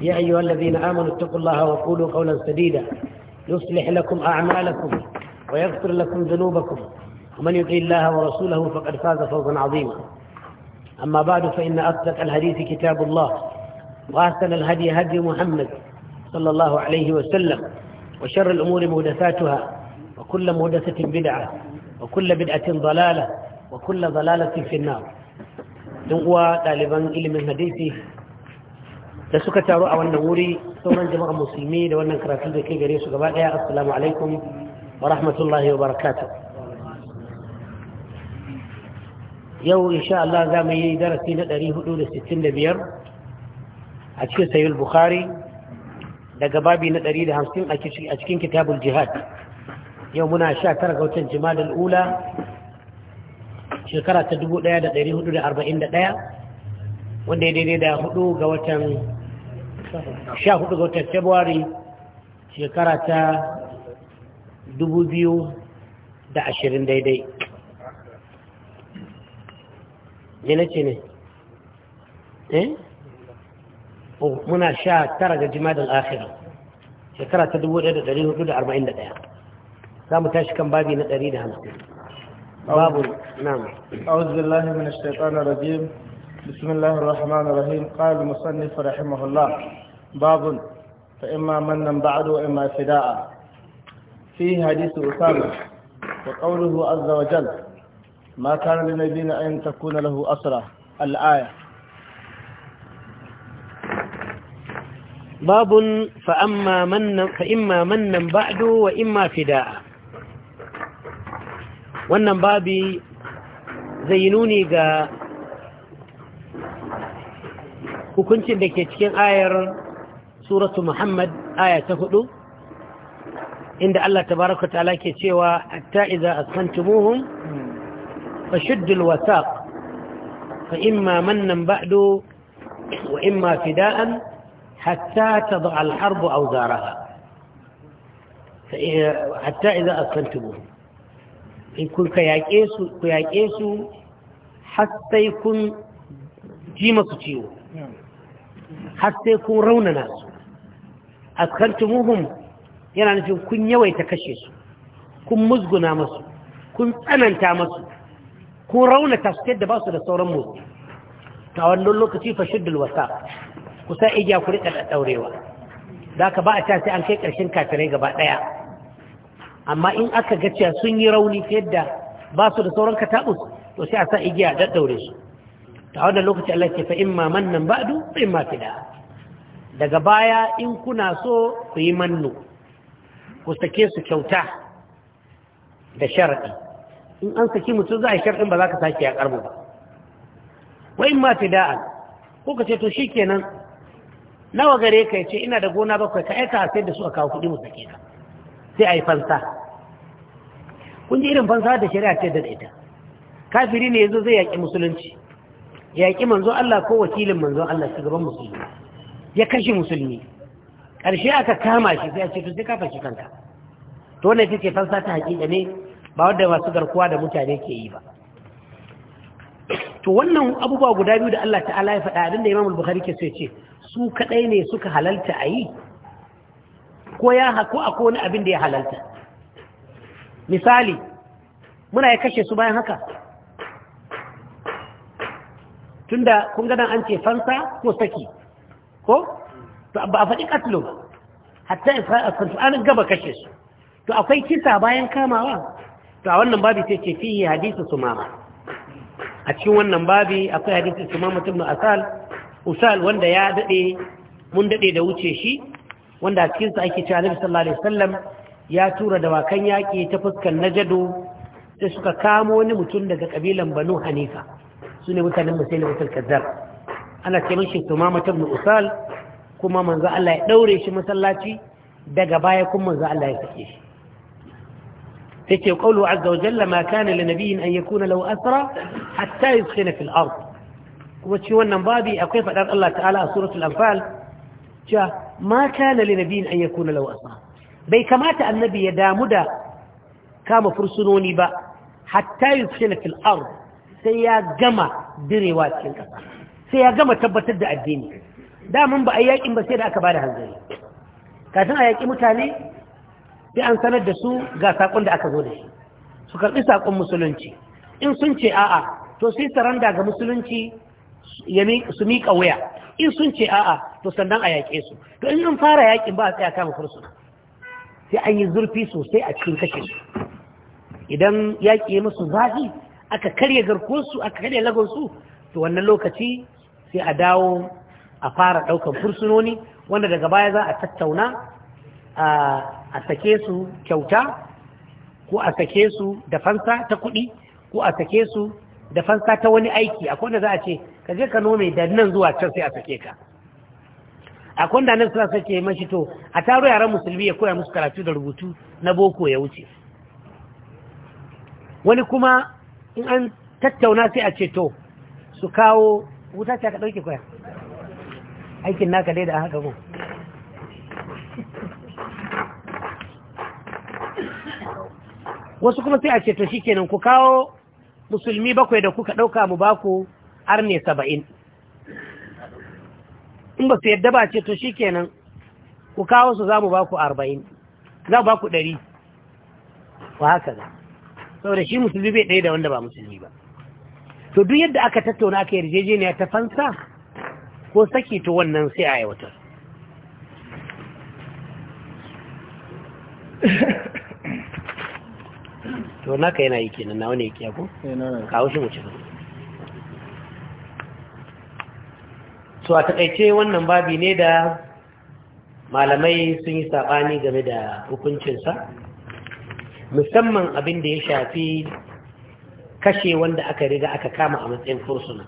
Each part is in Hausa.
يا أيها الذين آمنوا اتقوا الله وقولوا قولا سديدا يصلح لكم أعمالكم ويغفر لكم ذنوبكم ومن يطع الله ورسوله فقد فاز فوزا عظيما أما بعد فإن أصدق الحديث كتاب الله وأحسن الهدي هدي محمد صلى الله عليه وسلم وشر الأمور مهدثاتها وكل مهدثة بدعة وكل بدعة ضلالة وكل ضلالة في النار دعوة طالبا إلي من هديثي da suka taru a wannan wuri sauran jama'a musulmi da wannan karatu da ke gare su gaba daya assalamu alaikum wa rahmatullahi wa barakatuh yau insha Allah za mu yi darasi na 465 a cikin sayyid bukhari daga babi na 150 a cikin kitabul jihad yau muna 19 ga watan jima'a ula shekara ta 1441 wanda ya daidai da hudu ga watan sha hudu ga watan Februari, shekara ta dubu biyu da ashirin daidai ne ce ne eh oh, muna sha tara ga jimadin akhira shekara ta dubu ɗaya da dari hudu da arba'in da ɗaya za mu tashi kan babi na dari da hamsin babu na'am a'udhu billahi minash shaitanir rajim بسم الله الرحمن الرحيم قال المصنف رحمه الله باب فإما من بعد وإما فداء فيه حديث أسامة وقوله عز وجل ما كان لنبينا أن تكون له أسرة الآية باب فأما من فإما من بعد وإما فداء ونن بابي زينوني nuni hukuncin da ke cikin ayar suratu muhammad aya ta hudu inda Allah ta tabaraka ta'ala ke cewa hatta idza askantumuhum fashuddul wasaq fa imma mannan ba'du wa imma fida'an hatta tad'a al-harb awzaraha eh, hatta idza askantumuhum in kun ka yaƙe su ku yaƙe su har sai kun ji masu ciwo hmm. har sai kun raunana su askartumuhum yana nufin kun yawaita kashe su kun musguna masu kun tsananta masu kun raunata su yadda ba su da sauran motsi ta wannan lokaci fa shiddul wasa kusa igiya ku rika daurewa da ka ba a ta sai an kai karshen kafirai gaba daya amma in aka ga cewa sun yi rauni ta yadda ba su da sauran katabus to sai a sa igiya da daure su ta wadda lokaci Allah ke fa’in maman nan Ba'adu? fa’in ma fi daga baya in kuna so ku yi mannu ku sake su kyauta da sharadi in an saki mutum za a yi sharadin ba za ka sake ya karbu ba wa fi da’an, ko ka ce to shikenan nawa gare ka ce ina da gona bakwai ka aika a sayar da su a kawo kuɗi mu sake ka sai a yi fansa kun ji irin fansa da shari'a ce da ita kafiri ne yanzu zai yaƙi musulunci ya yaƙi manzo Allah ko wakilin manzo Allah gaban musulmi ya kashe musulmi ƙarshe aka kama shi sai a ce to sai ka fashi kanka to ne ita ce fansa ta hakika ne ba wadda masu garkuwa da mutane ke yi ba to wannan abubuwa guda biyu da Allah ta'ala ya faɗa abinda Imam Bukhari ke so ya ce su kadai ne suka halalta a ko ya hako akwai wani abin da ya halalta misali muna ya kashe su bayan haka tunda kun ga an ce fansa ko saki ko to ba a faɗi katlo ba hatta isra'il an gaba kashe su to akwai kisa bayan kamawa to a wannan babi sai ce fiye hadisu sumama a cikin wannan babi akwai hadisu sumama ibn asal usal wanda ya dade mun dade da wuce shi wanda a cikin sa ake cewa Annabi sallallahu alaihi wasallam ya tura dawakan yaki ta fuskar najado sai suka kamo wani mutum daga kabilan Banu Hanifa su ne mutanen musulun kazzab ana ce mashi tumama ta ibn usal kuma manzo Allah ya daure shi masallaci daga baya kuma manzo Allah ya sake shi take qawlu azza wa jalla ma kana li nabiyyin an yakuna law asra hatta yuskhina fil ard kuma ci wannan babi akwai fadar Allah ta'ala a suratul anfal cewa ma kana li nabiyyin an yakuna law asra bai kamata annabi ya damu da kama fursunoni ba hatta yuskhina fil ard sai ya gama direwa cikin ƙasa sai ya gama tabbatar da addini daman ba a yi yaƙin ba sai da aka ba da hanzari kafin a yaƙi mutane sai an sanar da su ga saƙon da aka zo da shi su karɓi saƙon musulunci in sun ce a'a to sai saranda ga musulunci su miƙa waya. in sun ce a'a to sannan a yaƙe su to in an fara yaƙin ba a tsaya kama fursuna sai an yi zurfi sosai a cikin kashe su idan yaƙi ya musu zafi aka karya garkunsu aka karya lagonsu to wannan lokaci sai a dawo a fara ɗaukan fursunoni wanda daga baya za a tattauna a sake su kyauta ko a sake su da fansa ta kuɗi ko a sake su da fansa ta wani aiki akwai wanda za a ce ka je ka nome da nan zuwa can sai a sake ka akwai wanda nan suna sake mashi to a taro yaran musulmi ya koya musu karatu da rubutu na boko ya wuce wani kuma in an tattauna sai a ce to su kawo wuta ta ka ɗauke kwaya aikin naka dai da haka gun wasu kuma sai a ce to shikenan ku kawo musulmi bakwai da kuka ɗauka mu baku arne saba'in in ba su yadda ba ce to shikenan ku kawo su za mu baku arba'in za mu baku ɗari wa haka za saboda shi musulmi bai ɗaya da wanda ba musulmi ba to duk yadda aka tattauna aka yarjejeniya ta fansa ko saki to wannan sai a aiwatar to naka yana yi kenan na wani yake ko eh, kawo shi mu ci so a taƙaice wannan babi ne da malamai sun yi saɓani game da hukuncinsa musamman abin da ya shafi kashe wanda aka riga aka kama a matsayin fursuna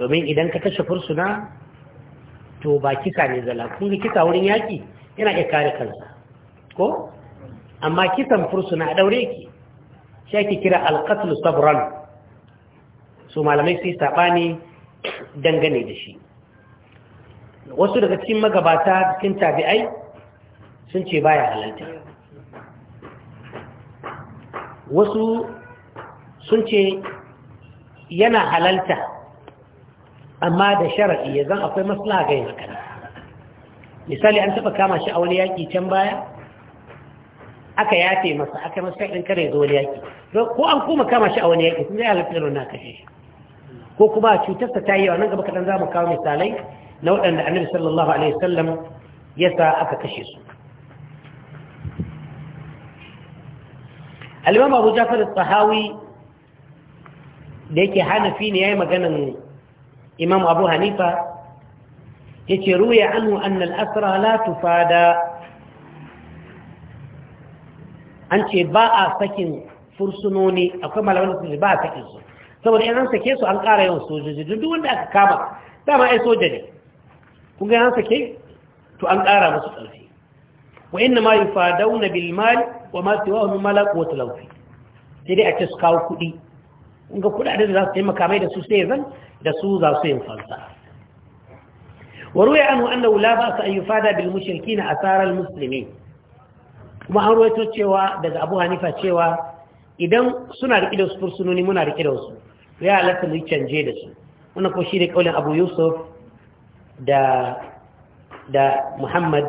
domin idan ka kashe fursuna to ba kisa ne zala kun ga kisa wurin yaƙi yana iya kare kansa ko amma kisan fursuna a daure ki shi ake kira alqatl sabran su malamai sai saɓani dangane da shi wasu daga cikin magabata cikin tabi'ai sun ce baya halarta wasu sun ce yana halalta amma da shara'i ya zan akwai maslaha ga yin misali an taɓa kama shi a wani yaƙi can baya aka yafe masa aka masa ɗin kare zuwa wani yaƙi ko an kuma kama shi a wani yaƙi sun zai halittar na kashe shi ko kuma cutarsa ta yi nan gaba kaɗan za mu kawo misalai na waɗanda annabi sallallahu alaihi wasallam ya sa aka kashe su al-imam abu jafar as-sahawi da yake hanafi ne yayi maganan imam abu hanifa yace ruya anhu anna al-asra la tufada an ce ba a sakin fursunoni akwai malaman da su ba a sakin su saboda in an sake su an kara yawan sojoji duk wanda aka kama dama ai soja ne kun ga an sake to an ƙara musu ƙarfi wa inna ma yufadawna bil mal wa ma siwa min mala sai dai a ce su kawo kuɗi in ga kuɗaɗen da za su taimaka mai da su sai zan da su za su yin falsafa وروي عنه أنه su بأس أن يفادى بالمشركين أثار المسلمين kuma an ruwaito cewa daga abu hanifa cewa idan suna riƙe da su fursunoni muna riƙe da su ya halatta mu canje da su wannan ko shi ne kaulin abu yusuf da da muhammad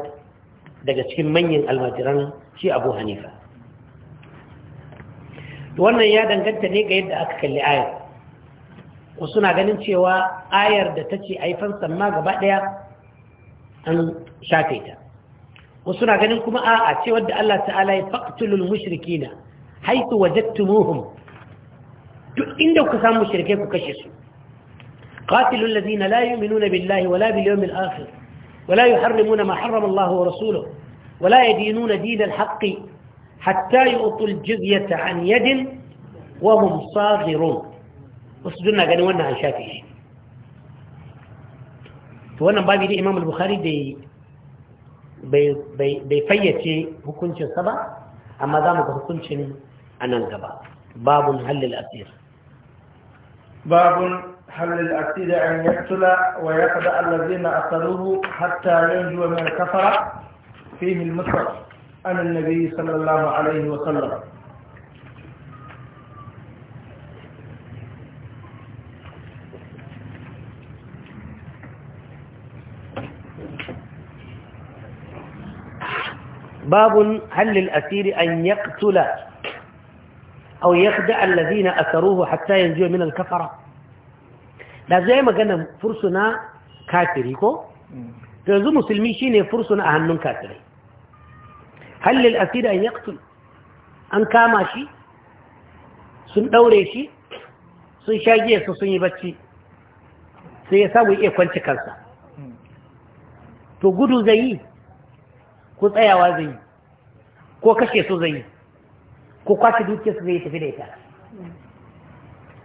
daga cikin manyan almajiran shi abu hanifa wannan ya danganta ne ga yadda aka kalli ayar wasu na ganin cewa ayar da ta ce a yi gaba ɗaya an shafe ta wasu na ganin kuma a'a ce da Allah ta'ala ya faktulul mushrikina haitu wajadtumuhum duk inda ku samu shirke ku kashe su qatilul ladina la yu'minuna billahi wala bil yawmil akhir wala yuharrimuna ma harrama Allah wa rasuluhu wala yadinuna dinal haqqi حتى يؤطوا الجزية عن يد وهم صاغرون وصدنا قالوا وانا عن شافعي وانا بابي دي امام البخاري دي بي بي بي فيتي حكمه سبع اما زعما حكمه ان الغباء باب هل الاثير باب هل الاثير ان يقتل ويقضى الذين اثروه حتى ينجو من كفر فيه المصطفى على النبي صلى الله عليه وسلم باب هل للأسير أن يقتل أو يخدع الذين أسروه حتى ينجو من الكفرة لا زي ما قلنا kafiri ko? yanzu مسلمي شيني فرسنا أهم من كافرين. halil asira an yaktul an kama shi sun ɗaure shi sun shagiye su sun yi bacci sai ya samu iya kwanci kansa to gudu zai yi ko tsayawa zai yi ko kashe su zai yi ko kwashe dukiyarsu zai tafi da ita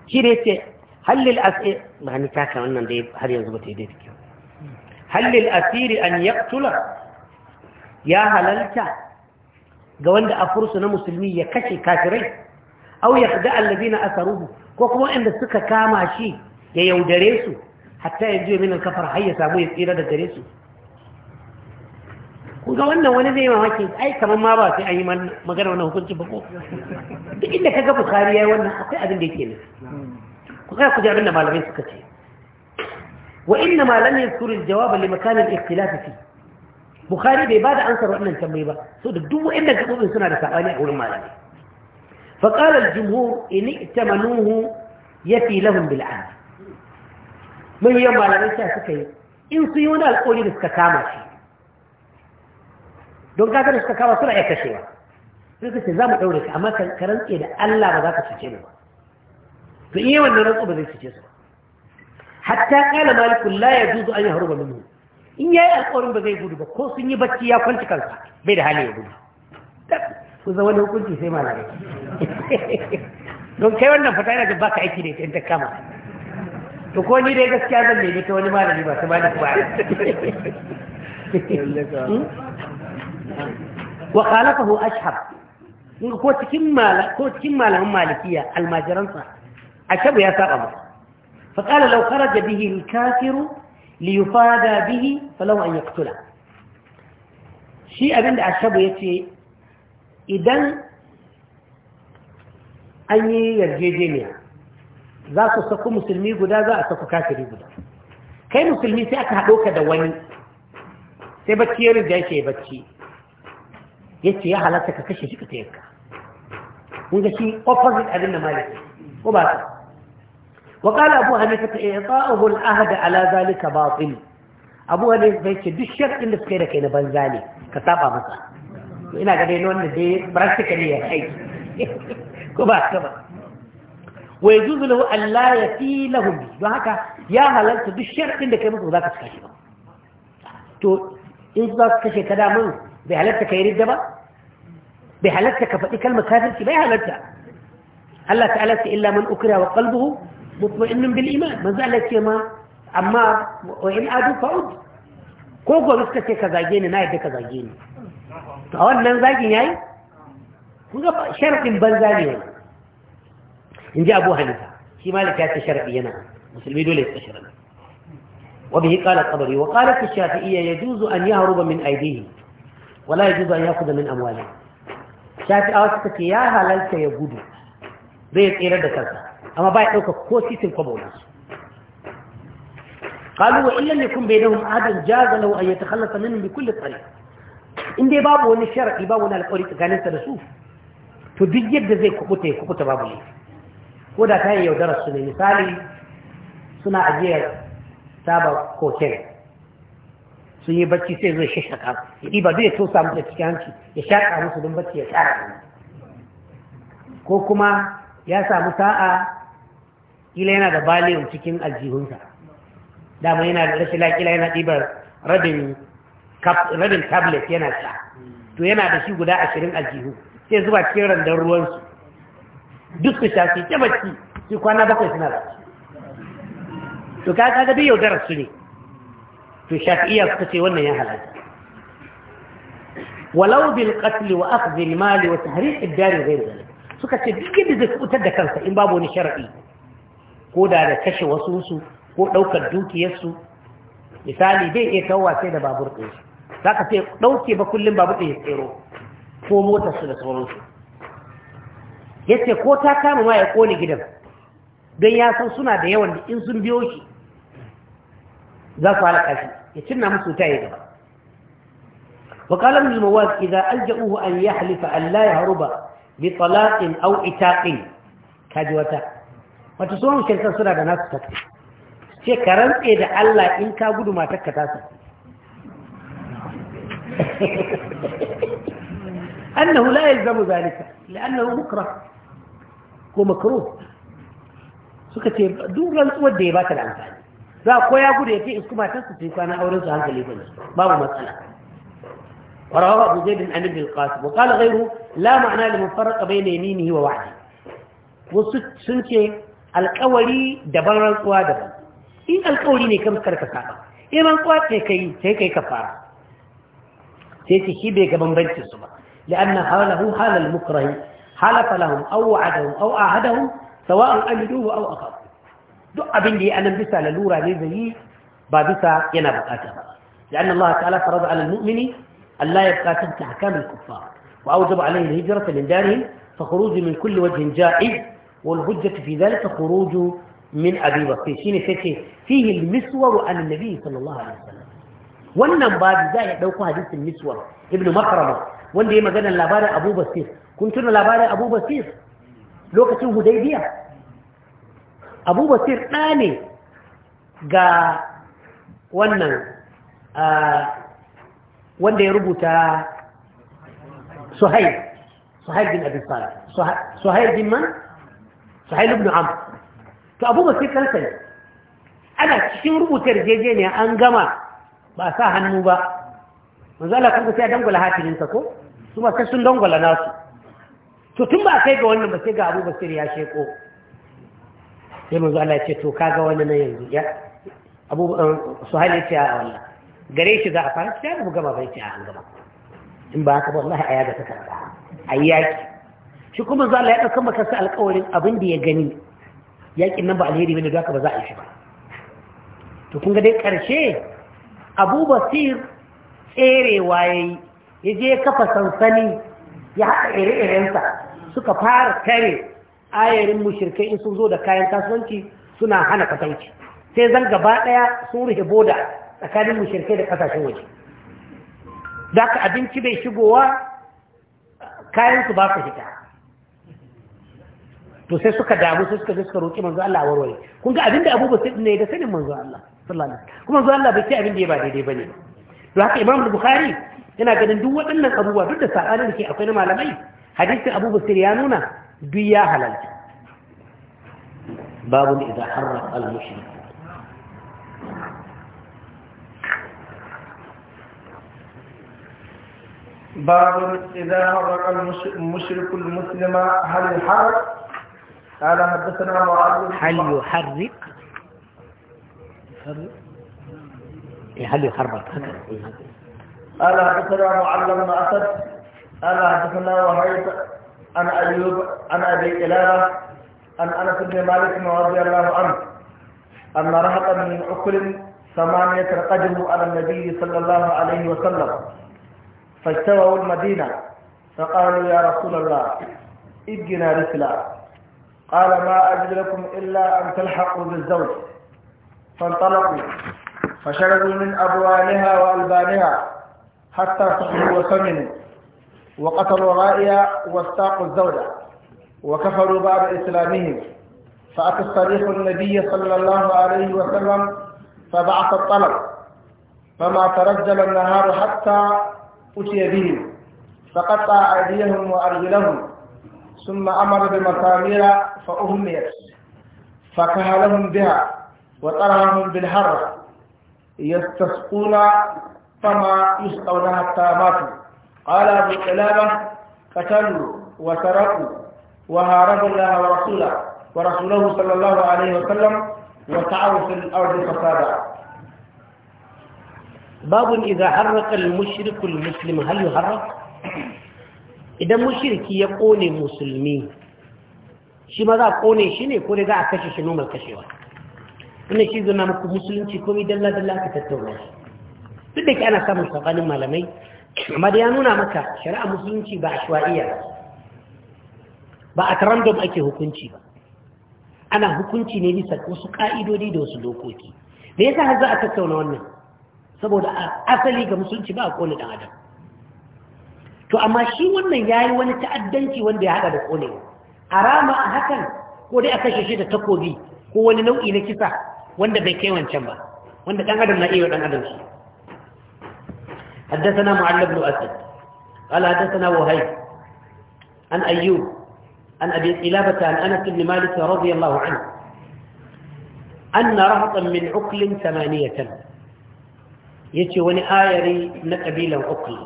shi ne ce hallil asiri ba har yanzu ba yi daidai kyau hallil asiri an yaktula ya halalta ga wanda a fursu na musulmi ya kashe kafirai au ya kada allazina asaruhu ko kuma inda suka kama shi ya yaudare su hatta yanzu ya je kafar har ya samu ya tsira da gare su ku ga wannan wani zai mamaki ai kamar ma ba sai an yi magana wannan hukuncin ba ko duk inda ka ga bukari yayi wannan akwai abin da yake ne ku ga ku ji abin da malamai suka ce wa inna ma lam yadhkur al-jawab li makan al-ikhtilaf fihi bukhari bai bada ansar wannan tambayi ba so da duk wa'annan gabobin suna da saɓani a wurin malami fa qala al jumhur in itamanuhu yafi lahum bil ahd mun yan malamai sai suka yi in su yi wani alƙawari da suka kama shi don kaga da suka kama suna iya kashewa sai ka ce za mu ɗaure ka amma ka rantse da Allah ba za ka cuce mu ba to in yi wannan rantsu ba zai cuce su ba hatta ƙala malikun la ya juzu an yi haruba minhu in ya yi alkawarin ba zai gudu ba ko sun yi bacci ya kwanci kansa bai da hali ya gudu ku zama wani hukunci sai malamai don kai wannan fata yana da baka aiki ne ta kama to ko ni dai gaskiya zan nemi ta wani malami ba ta malami ba wa khalafahu ashhab ko cikin mala ko cikin malamin malikiya almajiransa ashabu ya saba fa qala law kharaja bihi al-kafiru Liyufa liyufada bihi falau an yaqtula shi abinda ashabu yace idan an yi yarjejeniya za ku saku musulmi guda za a saku kafiri guda kai musulmi sai aka haɗo ka da wani sai bacci ya rinja yake bacci yace ya halatta ka kashe shi ka tayarka kun ga shi opposite abin da maliki ko ba وقال أبو هنيفة إعطاؤه العهد على ذلك باطل أبو هنيفة يقول الشرق اللي في سكيرك كينا بنزالي كتابة مثلا هنا قدين وأن دي براكتيكالي يا حي كبار كبار ويجوز له أن لا يفي لهم وهكا يا هلالت بالشرق الشرط اللي كينا مثلا ذاك تكشفه تو إذا ذاك كده من بحالتك يريد بقى بحالتك فدي كلمة كافر بحالتك الله تعالى إلا من أكره وقلبه مطمئن بالإيمان من ذلك ما أما وإن أدو فعود كوكو بسكة كزاجين نايد كزاجين فأول ننزاجين هاي كوكو شرق بنزاني هاي إن جاء أبو حنيفة في مالك هاتي الشرط ينا مسلمين دولي يستشرنا وبه قال الطبري وقالت الشافعية يجوز أن يهرب من أيديهم ولا يجوز أن يأخذ من أموالهم شافعية يا هلالك يبدو بيت إيرادة كذا amma baya dauka ko titin kwabona su qalu wa illa yakun bainahum adan jaza law ay yatakhallasa min bi kulli tariq in dai babu wani sharadi babu wani alqari tsakanin ta da su to duk yadda zai kubuta kubuta babu ne ko da kai yaudarar su ne misali suna ajiyar saba ko kene sun yi bacci sai zai shashaka ya ɗiba zai tosa musu a cikin hanci ya shaƙa musu don bacci ya tsara ko kuma ya samu sa'a kila yana da baliyan cikin aljihunsa dama yana da rashin kila yana ɗibar rabin tablet yana sha to yana da shi guda ashirin aljihu sai zuba cikin randar ruwansu duk su sha su ke bacci su kwana bakwai suna da to ka kaga biyu yaudarar su ne to shafi'iyya suka ce wannan ya halatta walau bil qatl wa akhdh al mal wa tahriq ad dar ghayr suka ce duk da zai fitar da kansa in babu wani shar'i ko da da kashe su ko ɗaukar dukiyarsu misali bai iya kawo sai da babur ɗaya za ka sai ɗauke ba kullum babur ɗaya tsero ko motarsu da sauransu ya ce ko ta kama ma ya ƙone gidan don ya san suna da yawan da in sun biyo shi za su halaka shi ya cinna musu ta yi gaba وقال ابن المواز إذا ألجأوه أن يحلف أن لا يهرب بطلاق أو إتاق كاجوته wata su hankalta suna da nasu tafi ce ka rantse da Allah in ka gudu matakka ta tasa. annahu la yalzamu zalika la'annahu mukrah ko makruh suka ce duk rantsuwar da ya bata da amfani za ko ya gudu ya fi isku matarsa su yi kwana auren su hankali ba babu matsala ورواه ابو زيد عن ابن القاسم وقال غيره لا معنى لمن فرق بين يمينه ووعده وسنتي alkawari daban rantsuwa daban in alkawari ne kan karka saba in rantsuwa ce kai sai kai sai ce shi bai ga bambancin su ba li'anna halahu halal mukrahi halafa lahum aw wa'adahum aw ahadahum sawa'an amiduhu aw aqab duk abin da ya anan bisa lalura ne zai yi ba bisa yana bukata ba li'anna Allah ta'ala farada 'ala al-mu'mini an la yabqa tahta ahkam al-kuffar wa awjaba 'alayhi al-hijrata min darihi fa khuruj min kulli wajhin ja'iz والحجة في ذلك خروج من أبي بكر شيني فكه فيه المسور عن النبي صلى الله عليه وسلم wannan babu za ya ɗauko hadisin miswar ibn makrama wanda ya magana labarin abu basir kun tuna labarin abu basir lokacin hudaybiya abu basir ɗa ne ga wannan wanda ya rubuta suhaib suhaib bin abisar suhaib bin man sahil ibn am to abu ba sai kansa ne ana cikin rubutar jeje ne an gama ba sa hannu ba manzo Allah kun sai dangwala hatimin sa ko su ba sai sun dangwala nasu to tun ba kai ga wannan ba sai ga Abu Basir ya sheko sai manzo Allah ya ce to kaga wannan ne yanzu ya Abu eh, Suhail ya ce a wannan gare shi za a fara ta gama bai ce an gama in ba ka ba Allah a yaga ta karba ayyaki shi kuma za Allah ya ɗaukar makarsa alkawarin abin da ya gani yaƙin nan ba alheri wani zaka ba za a yi shi ba to kun dai ƙarshe abu basir tserewa ya yi ya je kafa sansani ya haɗa ire-irensa suka fara tare ayarin mushirkai in sun zo da kayan kasuwanci suna hana kasanci sai zan gaba ɗaya sun rufe boda tsakanin mushirkai da ƙasashen waje da abinci bai shigowa kayansu ba su fita to sai suka damu sai suka suka roki manzo Allah warware kun ga abinda Abu Bakar ne da sanin manzo Allah sallallahu alaihi wasallam kuma manzo Allah bai ce abin da ya ba daidai bane to haka Imam Bukhari yana ganin duk waɗannan abubuwa duk da sabanin da ke akwai na malamai hadisin Abu Bakar ya nuna duk ya halalta babu idan harraf al-mushrik باب إذا حرق المشرك المسلم هل الحرق قال حدثنا معاذ هل يحرك إيه، هل يحرك قال حدثنا معلم بن اسد قال حدثنا وهيب عن ايوب عن ابي كلابه عن انس بن مالك رضي الله عنه ان رهقا من اكل ثمانيه رقده على النبي صلى الله عليه وسلم فاجتمعوا المدينه فقالوا يا رسول الله اجنا رسلا قال ما أجد لكم إلا أن تلحقوا بالزوج فانطلقوا فشربوا من أبوالها وألبانها حتى صحوا وسمنوا وقتلوا الرائية واستاقوا الزوجة وكفروا بعد إسلامهم فأتى الصريح النبي صلى الله عليه وسلم فبعث الطلب فما ترجل النهار حتى أتي بهم فقطع أيديهم وأرجلهم ثم أمر بمسامير فأهميت فكهلهم بها وطرهم بالهر يستسقون فما يسقون حتى ماتوا قال أبو قلابة قتلوا وسرقوا وهاربوا الله ورسوله ورسوله صلى الله عليه وسلم وسعوا في الأرض فسادا باب إذا حرق المشرك المسلم هل يحرق؟ idan mushirki ya kone musulmi shi ma za a kone shi ne ko za a kashe shi nomar kashewa wannan shi zuna muku musulunci komai dalla dalla ka tattauna shi duk da ke ana samun sabanin malamai amma da ya nuna maka shari'a musulunci ba a shuwa'iyya ba a tarandom ake hukunci ba ana hukunci ne bisa wasu ka'idodi da wasu dokoki Me yasa har za a tattauna wannan saboda asali ga musulunci ba a kone dan adam to amma shi wannan ya yi wani ta'addanci wanda ya haɗa da ƙone, a rama a hakan ko dai a kashe shi da takobi ko wani nau'i na kisa wanda bai kai wancan ba wanda ɗan adam na iya ɗan adam shi حدثنا معل بن أسد قال حدثنا وهيب عن أيوب عن أبي قلابة عن أنس بن مالك رضي الله عنه أن رهطا من عقل ثمانية wani وني na نقبيلا عقل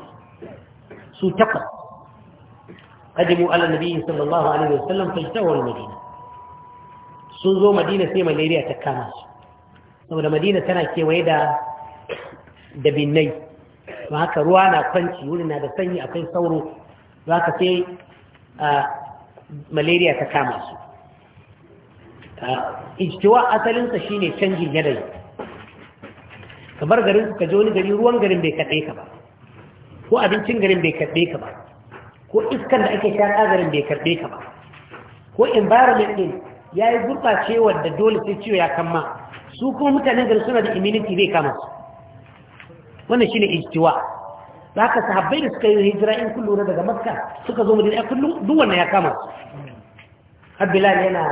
su takwas قدموا على النبي صلى الله madina وسلم zo madina sai malaria ta kama su saboda madina tana kewaye da da binnai ba haka ruwa na kwanci wuri na da sanyi akwai sauro za ka sai malaria ta kama su ijtiwa asalinsa shine canjin yanayi ka bar garin ka je wani gari ruwan garin bai kaɗai ka ba ko abincin garin bai karɓe ka ba ko iskar da ake shaƙa garin bai karɓe ka ba ko environment ɗin ya yi gurɓacewar da dole sai ciwo ya kama su kuma mutanen garin suna da immunity bai kama su wannan shine ijtiwa za ka sahabbai da suka yi hijira in kun lura daga makka suka zo madina kullum duk wannan ya kama su har bilal yana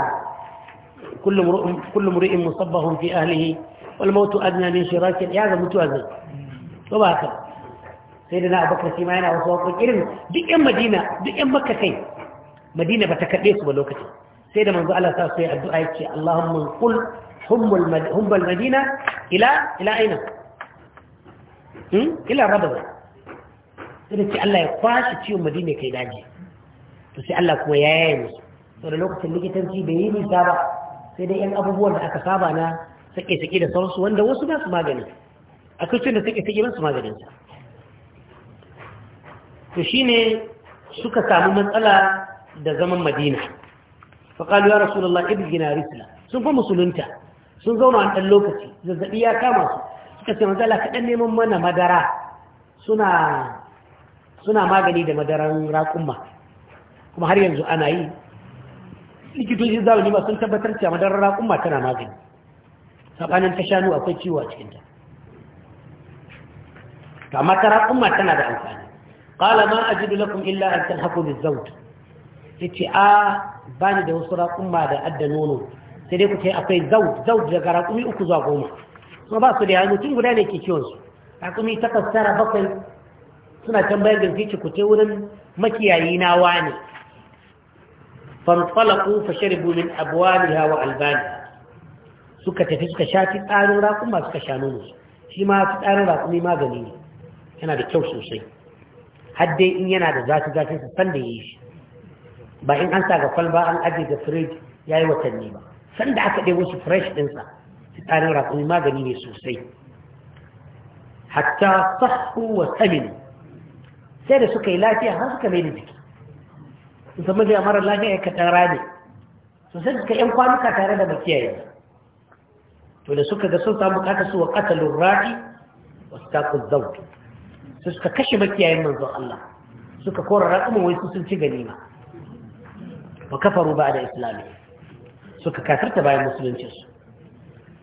kullum mur'in musabbahun fi ahlihi wal mautu adna min shirakin ya ga mutuwa zai to ba haka sai da na abubakar shi ma yana wasu waƙoƙi irin duk yan madina duk yan makka kai madina ba ta kaɗe su ba lokacin, sai da manzo Allah sa su yi addu'a ya ce Allahumma qul humbal madina ila ila aina hmm? ila raba ba, sai da ce Allah ya kwashe ciwon madina kai daji to sai Allah kuma ya yaya musu sau da lokacin likitanci bai yi nisa ba sai da yan abubuwan da aka saba na sake-sake da sauransu wanda wasu ba su magani a kucin da sake-sake ba su sa. to ne suka samu matsala da zaman madina faƙalu ya rasu lallah ibi gina risla sun fa musulunta sun zauna a ɗan lokaci zazzaɓi ya kama su suka ce matsala kaɗan neman mana madara suna magani da madaran raƙumma kuma har yanzu ana yi likitocin zamani ba sun tabbatar cewa madaran raƙumma tana magani saɓanin ta shanu akwai ciwo a cikinta amma ta raƙumma tana da amfani qala ma ajidu lakum illa an tanhaku bizawj yace a bani da wasu raƙumma da adda nono sai dai ku ce akwai zawj zawj daga raƙumi uku zuwa goma kuma ba su da hannu tun guda ne ke ciwon su raƙumi takwas tara bakwai suna tambayar da fice ku ce wurin makiyayi na wani fanfalaku fa sharibu min abwaliha wa albani suka tafi suka sha fi tsarin raƙuma suka sha nono shi ma su tsarin raƙumi magani ne yana da kyau sosai har dai in yana da zafi zafi su san da yi shi ba in an sa ga kwalba an aje ga firij ya yi watanni ba san da aka ɗebo su fresh ɗinsa su tsarin raƙumi magani ne sosai hatta sahu wa tsamini sai da suka yi lafiya har suka mai da jiki su sami da mara lafiya ya kaɗan rane sosai suka yan kwanuka tare da makiyaye to da suka ga sun samu kaka su wa ƙatalin ra'i wasu taƙon zautu su suka kashe makiyayen manzon Allah suka kora raƙumin wai su sun ci Ba wa kafaru ba da islami suka kafirta bayan Musulunci su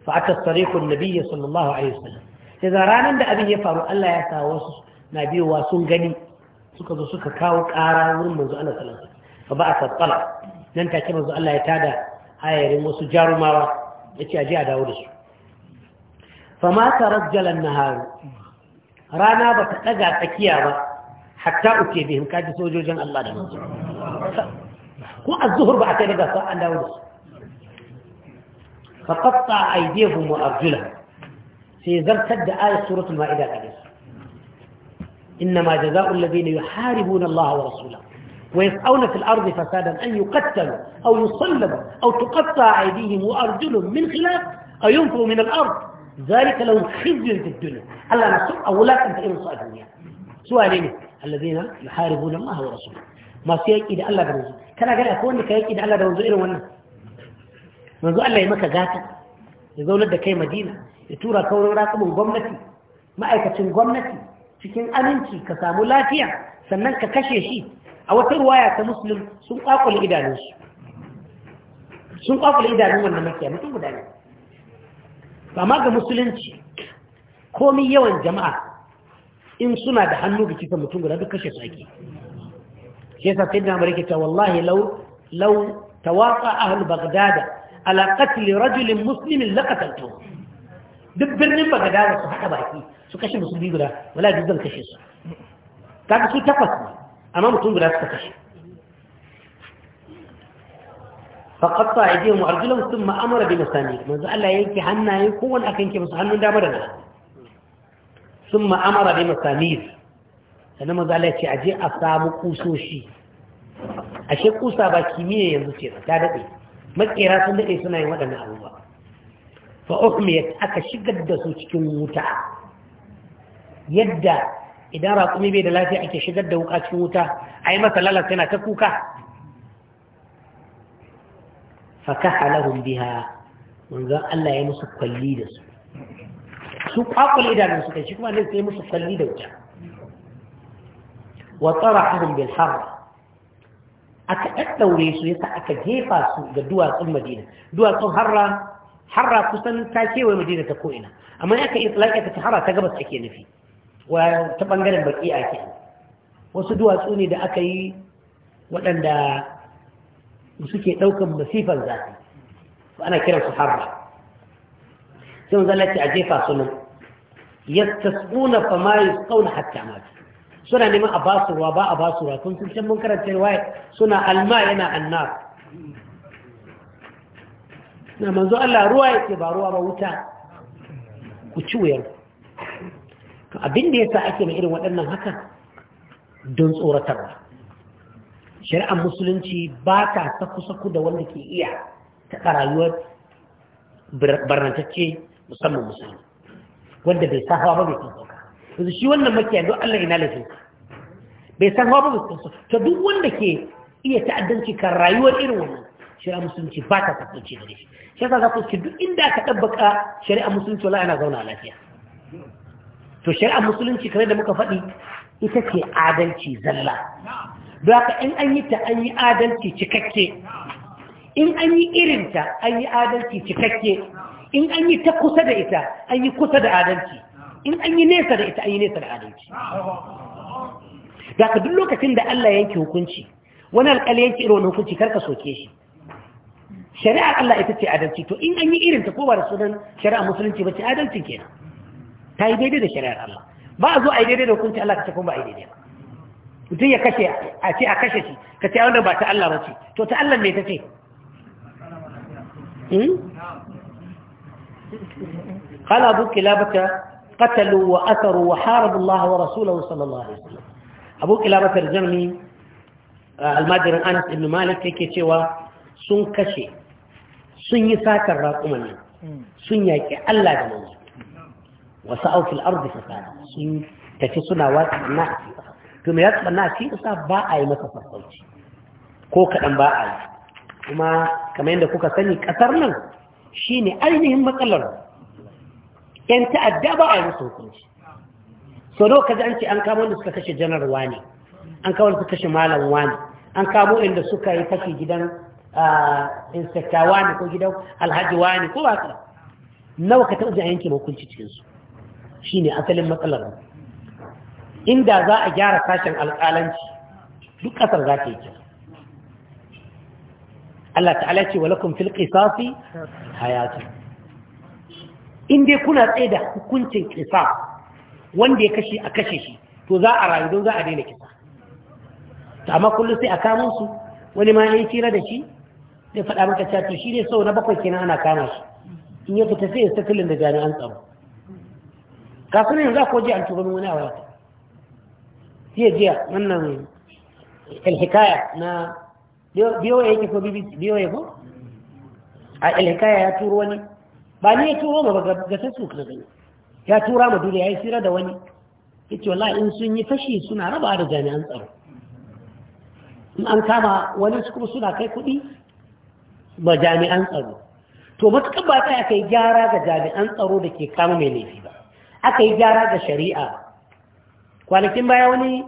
fa aka sarikun nabiyyi sallallahu alaihi wasallam sai da ranar da abin ya faru Allah ya sa wasu na biyowa sun gani suka zo suka kawo ƙara wurin manzon Allah sallallahu alaihi wasallam fa ba a tsala nan take manzon Allah ya tada ayarin wasu jarumawa yace aje a dawo da su fa ma tarajjala an-nahar rana ba ta ɗaga tsakiya ba hatta uke bihim kaji sojojin Allah da manzo ko az-zuhur ba a kai daga sa'an dawo da fa qatta aydihim wa arjulahum sai zartar da ayat suratul ma'ida gare su إنما جزاء الذين يحاربون الله ورسوله ويسعون في الأرض فسادا أن يقتلوا أو يصلبوا أو تقطع أيديهم وأرجلهم من خلاف أو ينفوا من الأرض ذلك لهم خزي في الدنيا ألا نصر أولاك أنت إنسوا إيه الدنيا سؤالين الذين يحاربون الله ورسوله ما سيأكيد ألا بنزل كان قال أكون لك يأكيد ألا بنزل إلى وانا منذ ألا يمكى ذاتا يقول لدى كي مدينة يتورى كون راكم قمنتي ما أيكتن قمنتي cikin aminci ka samu lafiya sannan ka kashe shi a wata ruwaya ta muslim sun kwakwale idanunsu sun kwakwale idanun wannan makiya mutum guda ne amma ga musulunci komi yawan jama'a in suna da hannu da cikin mutum guda duk kashe su ake shi yasa sai da amurka ta wallahi lau lau tawaqa ahlul baghdad ala qatl rajul muslim duk birnin baghdad su haɗa baki su kashe musulmi guda wala duk zan kashe su kaga su takwas ne amma mutum guda suka kashe فقطع ايديهم وارجلهم ثم امر بمسامير من زعل ينكي حنا يكون اكنكي بس حنو دا مدنا ثم امر بمسامير sannan maza Allah ce aje a samu kusoshi ashe kusa ba kimiyya yanzu ce ta daɗe makera sun daɗe suna yin waɗannan abubuwa fa uhmiyat aka shigar da su cikin wuta yadda idan raƙumi bai da lafiya ake shigar da wuka cikin wuta ai masa lalas yana ta kuka fakaha lahum biha manzon Allah ya musu kwalli da su su kwakwale idanun su kai shi kuma ne sai musu kwalli da wuta wa tsarahum bil harb aka daddaure su yasa aka jefa su ga duwatsun Madina duwatsun harra harra kusan ta kewaye Madina ta ko'ina amma aka itlaqi ta harra ta gabas ake nufi wa ta bangaren baki ake wasu duwatsu ne da aka yi waɗanda da suke ɗaukan masifan zafi ana kiran su harba sai wanzan lati a jefa su nan ya tasbuna fa ma yi tsauna hatta ma suna neman a ba su ruwa ba a ba su ruwa kun sun can mun karanta waye? suna alma yana annar na manzo Allah ruwa yake ba ruwa ba wuta ku ci wuyar abin da yasa ake mai irin waɗannan haka don tsoratarwa shari'ar musulunci ba ta saku-saku da wanda ke iya taɓa rayuwar barnatacce musamman musulun. wanda bai san hawa ba bai san sauka yanzu shi wannan makiya don allah ina lafi bai san hawa ba bai san sauka to duk wanda ke iya ta'addanci kan rayuwar irin wannan shari'ar musulunci ba ta sakunci da shi shi yasa za ku ci duk inda aka ɗabbaka shari'ar musulunci wala ana zauna lafiya to shari'ar musulunci kare da muka faɗi ita ce adalci zalla da ka in an yi ta an yi adalci cikakke in an yi irinta an yi adalci cikakke in an yi ta kusa da ita an yi kusa da adalci in an yi nesa da ita an yi nesa da adalci da ka duk lokacin da Allah yanke hukunci wani alƙali yanke irin hukunci karka soke shi shari'ar Allah ita ce adalci to in an yi irinta ko ba da sunan shari'ar musulunci ba ce adalci kenan ta yi daidai da shari'ar Allah ba a zo a yi daidai da hukunci Allah ka ce kuma ba a yi daidai ba mutum ya kashe a ce a kashe shi ka ce wanda ba ta Allah ba ce to ta Allah me ta ce Kala قال أبو wa قتلوا وأثروا وحاربوا الله ورسوله صلى الله عليه وسلم أبو كلابة الجرمي almajirin anas ibn malik yake cewa sun kashe sun yi satar raƙuman nan sun yaƙi allah da manzo wasu aufil arzi fasada sun tafi suna watsa na a cikin to mai yatsa na cikin ƙasa ba a yi masa sassauci ko kaɗan ba a yi kuma kamar yadda kuka sani ƙasar nan shi ne ainihin matsalar ‘yan ta'adda ba a yi masa hukunci so da an ce an kamo wanda suka kashe janar wani an kawo wanda suka kashe malam wani an kamo inda suka yi fashi gidan inspector wani ko gidan alhaji wani ko ba nawa ka taɓa a yanke hukunci cikinsu shi ne asalin matsalar inda za a gyara sashen alƙalanci duk ƙasar za ta yi kyau Allah ta'ala ce walakun fil qisasi hayatun in dai kuna tsaye da hukuncin ƙisa wanda ya kashe a kashe shi to za a rayu don za a daina kisa to amma kullum sai a kamo su wani ma yi kira da shi zai faɗa maka cewa to shi ne sau na bakwai kenan ana kama shi in yi fita sai ya satilin da jami'an tsaro kafin yanzu ko je an tuba wani a wayata jiya jiya wannan ilhikaya na biyowa yake ko biyowa ko a ilhikaya ya turo wani ba ni ya turo ma ba ga facebook na gani ya tura ma duniya ya tsira da wani yace wallahi in sun yi fashi suna raba da jami'an tsaro in an kama wani su kuma suna kai kuɗi ba jami'an tsaro to matuƙar ba ta aka yi gyara ga jami'an tsaro da ke kama mai laifi ba aka yi gyara ga shari'a kwanakin baya wani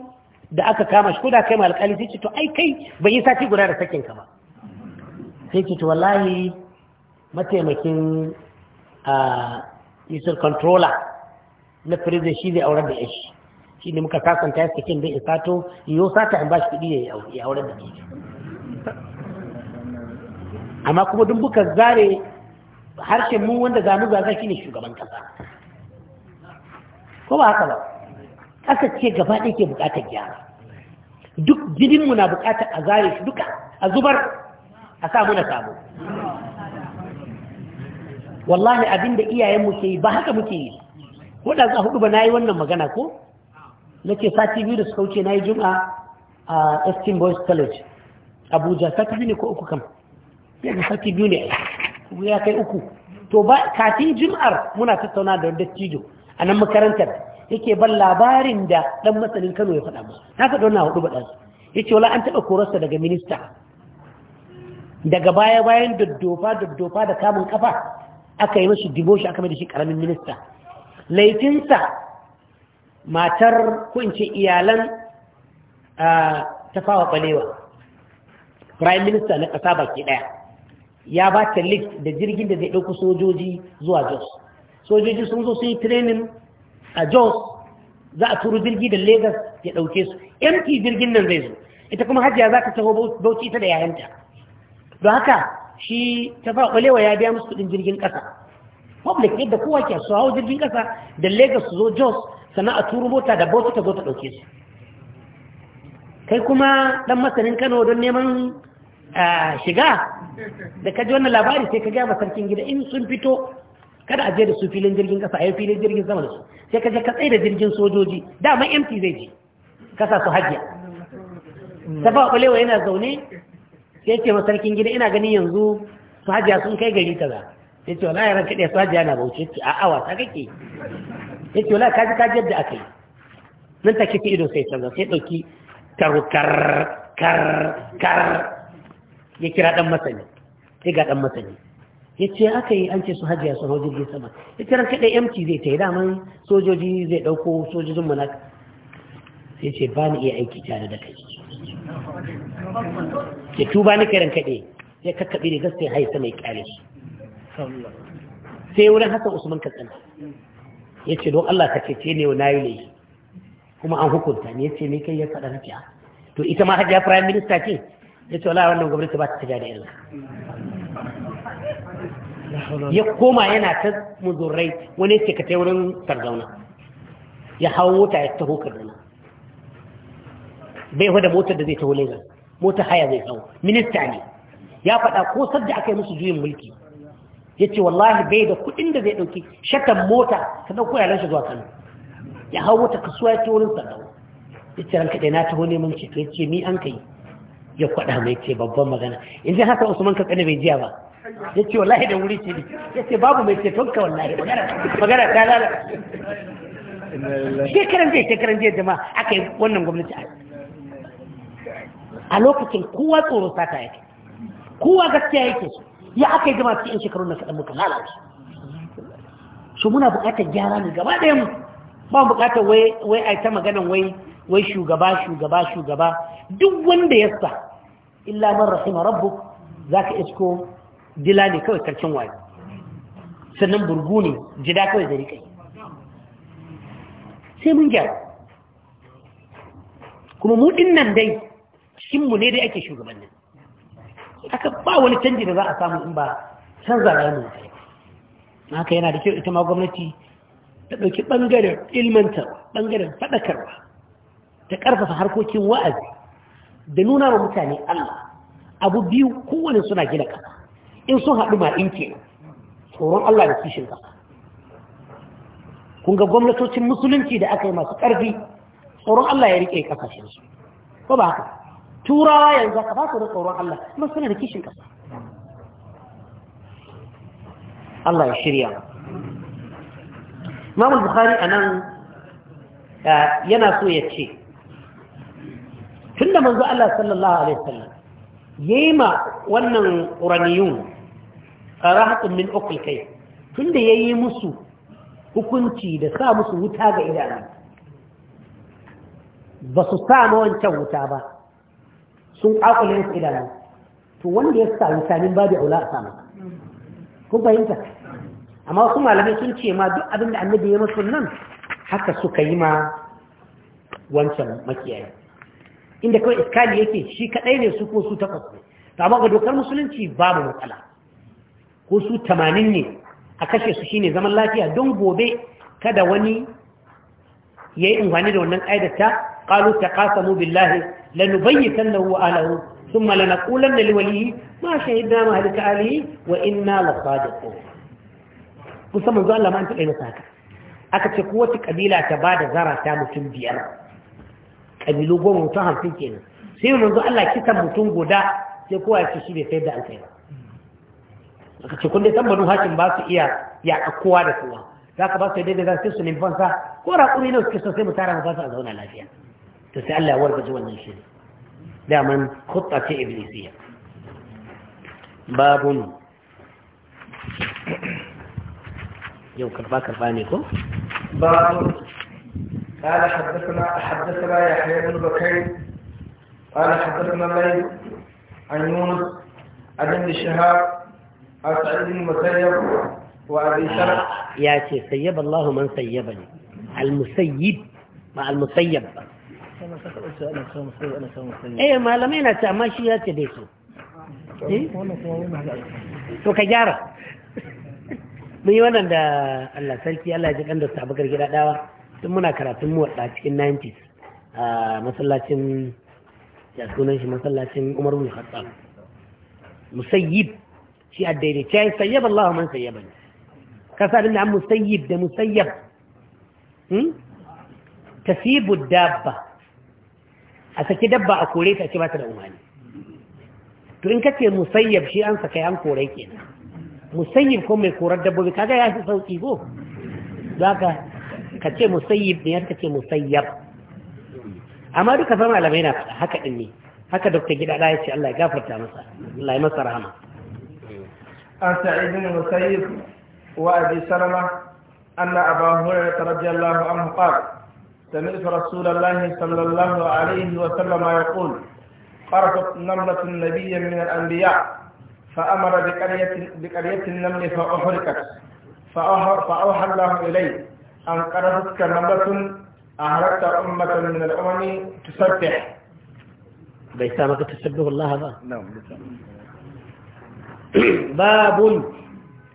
da aka kama shi kuda kai ma alƙali sai ce to ai kai bai yi sati guda da sakinka ba sai ce to wallahi mataimakin a isar controller na prison shi zai auren da shi shi ne muka sasanta ya sakin bai isato yiwu sata in ba shi kudi ya auren da shi amma kuma duk buka zare harshen mu wanda zamu zaga shi ne shugaban kasa ko ba haka ba ƙasa ce gaba ɗaya ke buƙatar gyara duk gidinmu na buƙatar a zare shi duka a zubar a samu na samu wallahi abin da iyayenmu ke yi ba haka muke yi waɗansu a hudu ba na yi wannan magana ko na ce sati biyu da suka wuce na yi juma a eskin boys college abuja sati biyu ne ko uku kam yadda sati biyu ne ya kai uku to ba kafin jum'ar muna tattauna da dattijo a nan makarantar yake ban labarin da ɗan matsalin Kano ya faɗa ba, na faɗa wannan hudu ya ce wala an taɓa korarsa daga minista daga baya bayan daddofa daddofa da kamun kafa aka yi mashi diboshi aka mai da shi ƙaramin minista laifinsa matar ko in ce iyalan tafawa ɓalewa, prime minister na ƙasa baki ɗaya ya ba ta lift da jirgin da zai ɗauki sojoji zuwa jos sojoji sun zo sun yi training a jos za a turu jirgi da legas ya ɗauke su yanki jirgin nan zai zo ita kuma hajiya za ta taho bauchi ita da yayanta da haka shi ta faɓalewa ya biya musu kuɗin jirgin ƙasa public yadda kowa ke su hau jirgin ƙasa da legas su zo jos sannan a turu mota da bauchi ta zo ta ɗauke su kai kuma ɗan masanin kano don neman eh, shiga da ka ji wannan labari sai ka gaya masarkin gida in sun fito kada a je da su filin jirgin kasa a yi filin jirgin sama da su sai ka je ka tsaye da jirgin sojoji dama empty zai je kasa su hajjiya safa kwalewa yana zaune sai ce masarkin gida ina ganin yanzu su hajjiya sun kai gari kaza sai ce wala ran kaɗe su hajjiya na bauchi ce a awa ta kake sai ce wala ka ji kajiyar da aka yi nan take ta ido sai canza sai ɗauki kar, kar kar ya kira ɗan masani sai ga ɗan masani ya ce aka yi an ce su hajiya sun hau jirgin sama ya ce ranka ɗaya yamci zai ta yi daman sojoji zai ɗauko sojojin mana sai ce ba ni iya aiki tare da kai ya tuba ni kai ranka ɗaya ya kakkaɓe da gaske haisa mai ƙyale shi sai wurin hassan usman katsina ya ce don allah ka ce ne na yi ne, kuma an hukunta ne ya ce ne kai ya faɗa na ah. to ita ma hajiya firayim minista ce ya ce wala wannan gwamnati ba ta taja da illa ya koma yana ta muzurrai wani ce ka wurin sardauna ya hau mota ya taho kaduna bai da motar da zai taho lagos motar haya zai hau minista ne ya faɗa ko sadda aka yi musu juyin mulki ya ce wallahi bai da kuɗin da zai ɗauki shakan mota ta ɗauko yalan shi zuwa kano ya hau mota kasuwa ya taho wurin sardauna ya ce ranka ɗaya na taho neman ceto ya ce mi an ka yi. ya kwada mai ce babban magana in ji haka usman ka kane bai jiya ba ya ce wallahi da wuri ce ne ya ce babu mai ce tonka wallahi magana ta lala shekaran jiya shekaran jiya jama'a aka yi wannan gwamnati a lokacin kowa tsoro sata yake kowa gaskiya yake su ya aka yi jama'a cikin shekarun na kaɗan muka lalace su muna buƙatar gyara ne gaba ɗaya mu ba buƙatar wai a ta maganan wai wai shugaba shugaba shugaba duk wanda ya sa illa man rahima rabbuk zaka isko dila ne kawai karkin waye sannan burgu jida kawai da rikai sai mun gyara kuma mu dinnan dai cikin mu ne dai ake shugabannin aka ba wani canji da za a samu in ba canza rayuwar mu haka yana da kyau ita ma gwamnati ta ɗauki ɓangaren ilmantarwa ɓangaren faɗakarwa ta ƙarfafa harkokin wa'azi da nuna wa mutane Allah abu biyu kowane suna gina ƙasa in sun haɗu ma in ke tsoron Allah da kishin ƙasa kun ga gwamnatocin musulunci da aka yi masu ƙarfi tsoron Allah ya riƙe ƙasashen su ko ba haka turawa yanzu ka ba su da tsoron Allah kuma suna da kishin ƙasa Allah ya shirya Imam Bukhari anan eh, yana so ya ce tunda manzo Allah sallallahu alaihi wasallam yayi ma wannan uraniyun rahatun min ukul kai tunda yayi musu hukunci da sa musu wuta ga idanu ba su sa ma wancan wuta ba sun kakule musu idanu to wanda ya sa wuta min babu aula a sama kun fahimta amma wasu malamai sun ce ma duk abin da annabi ya masu nan haka suka yi ma wancan makiyayi inda kawai iskali yake shi kadai ne su ko su takwas ne to amma ga dokar musulunci babu matsala ko su tamanin ne a kashe su shine zaman lafiya don gobe kada wani ya yi unguwanni da wannan ƙaidata ƙalu ta ƙasamu billahi lanubayyitan na wa alahu sun malana ƙulan da liwaliyi ma shahidna ma hadita alihi wa inna lafa da kusa manzo ma an taɓa yi masa haka aka ce ko wata ƙabila ta ba da zara mutum biyar kabilu goma mutum hamsin kenan sai manzo Allah kisan mutum guda sai kowa ya ce shi bai sayar da an kai ba aka ce kun dai san banu ba su iya ya kowa da kowa za ka ba su daidai za su su nemi fansa ko raƙuri ne suke so sai mu tara mu a zauna lafiya to sai Allah ya ji wannan shi daman khutta ce iblisiya babun yau karba karba ne ko babun قال حدثنا حدثنا يحيى بن بكير قال حدثنا الليل عن يونس عن ابن شهاب عن سعيد بن المسيب وابي شرح يا شيخ سيب الله من سيبني المسيب مع المسيب اي ما لمينا ماشي amma shi ya ce dai su to ka gyara mun yi wannan da Allah sarki Allah ya ji kan da sabu gargida dawa tun muna karatun muwadda cikin 90s a masallacin ya sunan shi masallacin umar bin khattab musayyib shi a daidaici ya sayyab Allah man sayyab ne kasa da musayyib da musayyab hmm? tasibu dabba a saki dabba a kore ta ce ba ta da umarni to in kace musayyab shi an saka an kore kenan musayyib ko mai korar dabbobi kaga ya fi sauki ko zaka ka ce musayyib ne har ka ce musayyab amma duka fa malamai na faɗa haka din ne haka dokta gida da ya ce Allah ya gafarta masa Allah ya masa rahama an sa'id bin musayyib wa abi salama anna aba hurairah radiyallahu anhu qala سمعت رسول sallallahu alaihi wa عليه yaqul يقول قرفت نملة min al-anbiya فأمر بقرية, بقرية النمل فأحرقت فأوحى الله إليه أن قربتك نبة أهلكت أمة من الأمم تسبح بيسامك تسبح الله هذا نعم باب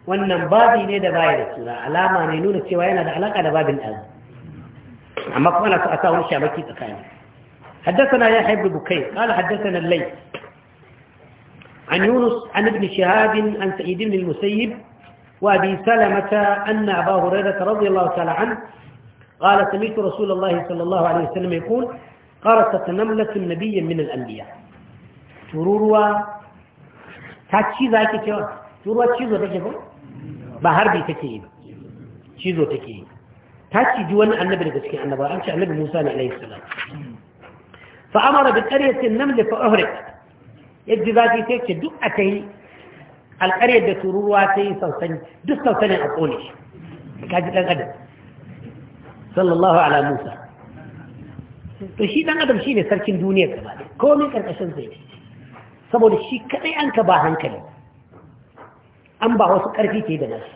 wannan babi ne da baya da sura alama ne nuna cewa yana da alaka da babin ɗan amma kuma na a sa wani tsakani حدثنا يا حبيب بكير قال حدثنا الليث عن يونس عن ابن شهاب عن سعيد بن المسيب وأبي سلمة أن أبا هريرة رضي الله تعالى عنه قال سمعت رسول الله صلى الله عليه وسلم يقول قرصت نملة نبيا من الأنبياء تروروا تاتشي ذاك تيوا تروروا تشيزو تكيبو بحربي تكيب تشيزو تكيب تاتشي جوان النبي لكسكي النبي أمشي النبي موسى عليه السلام فأمر بالقرية النمل فأهرق يجي ذاتي تيكي دقته alƙaryar da tururuwa ta yi sausani duk sausanin a ƙone shi ka ji ɗan adam sallallahu ala musa to shi ɗan adam shi ne sarkin duniya gaba ɗaya komin ƙarƙashin zai saboda shi kaɗai an ka ba hankali an ba wasu ƙarfi ke da nashi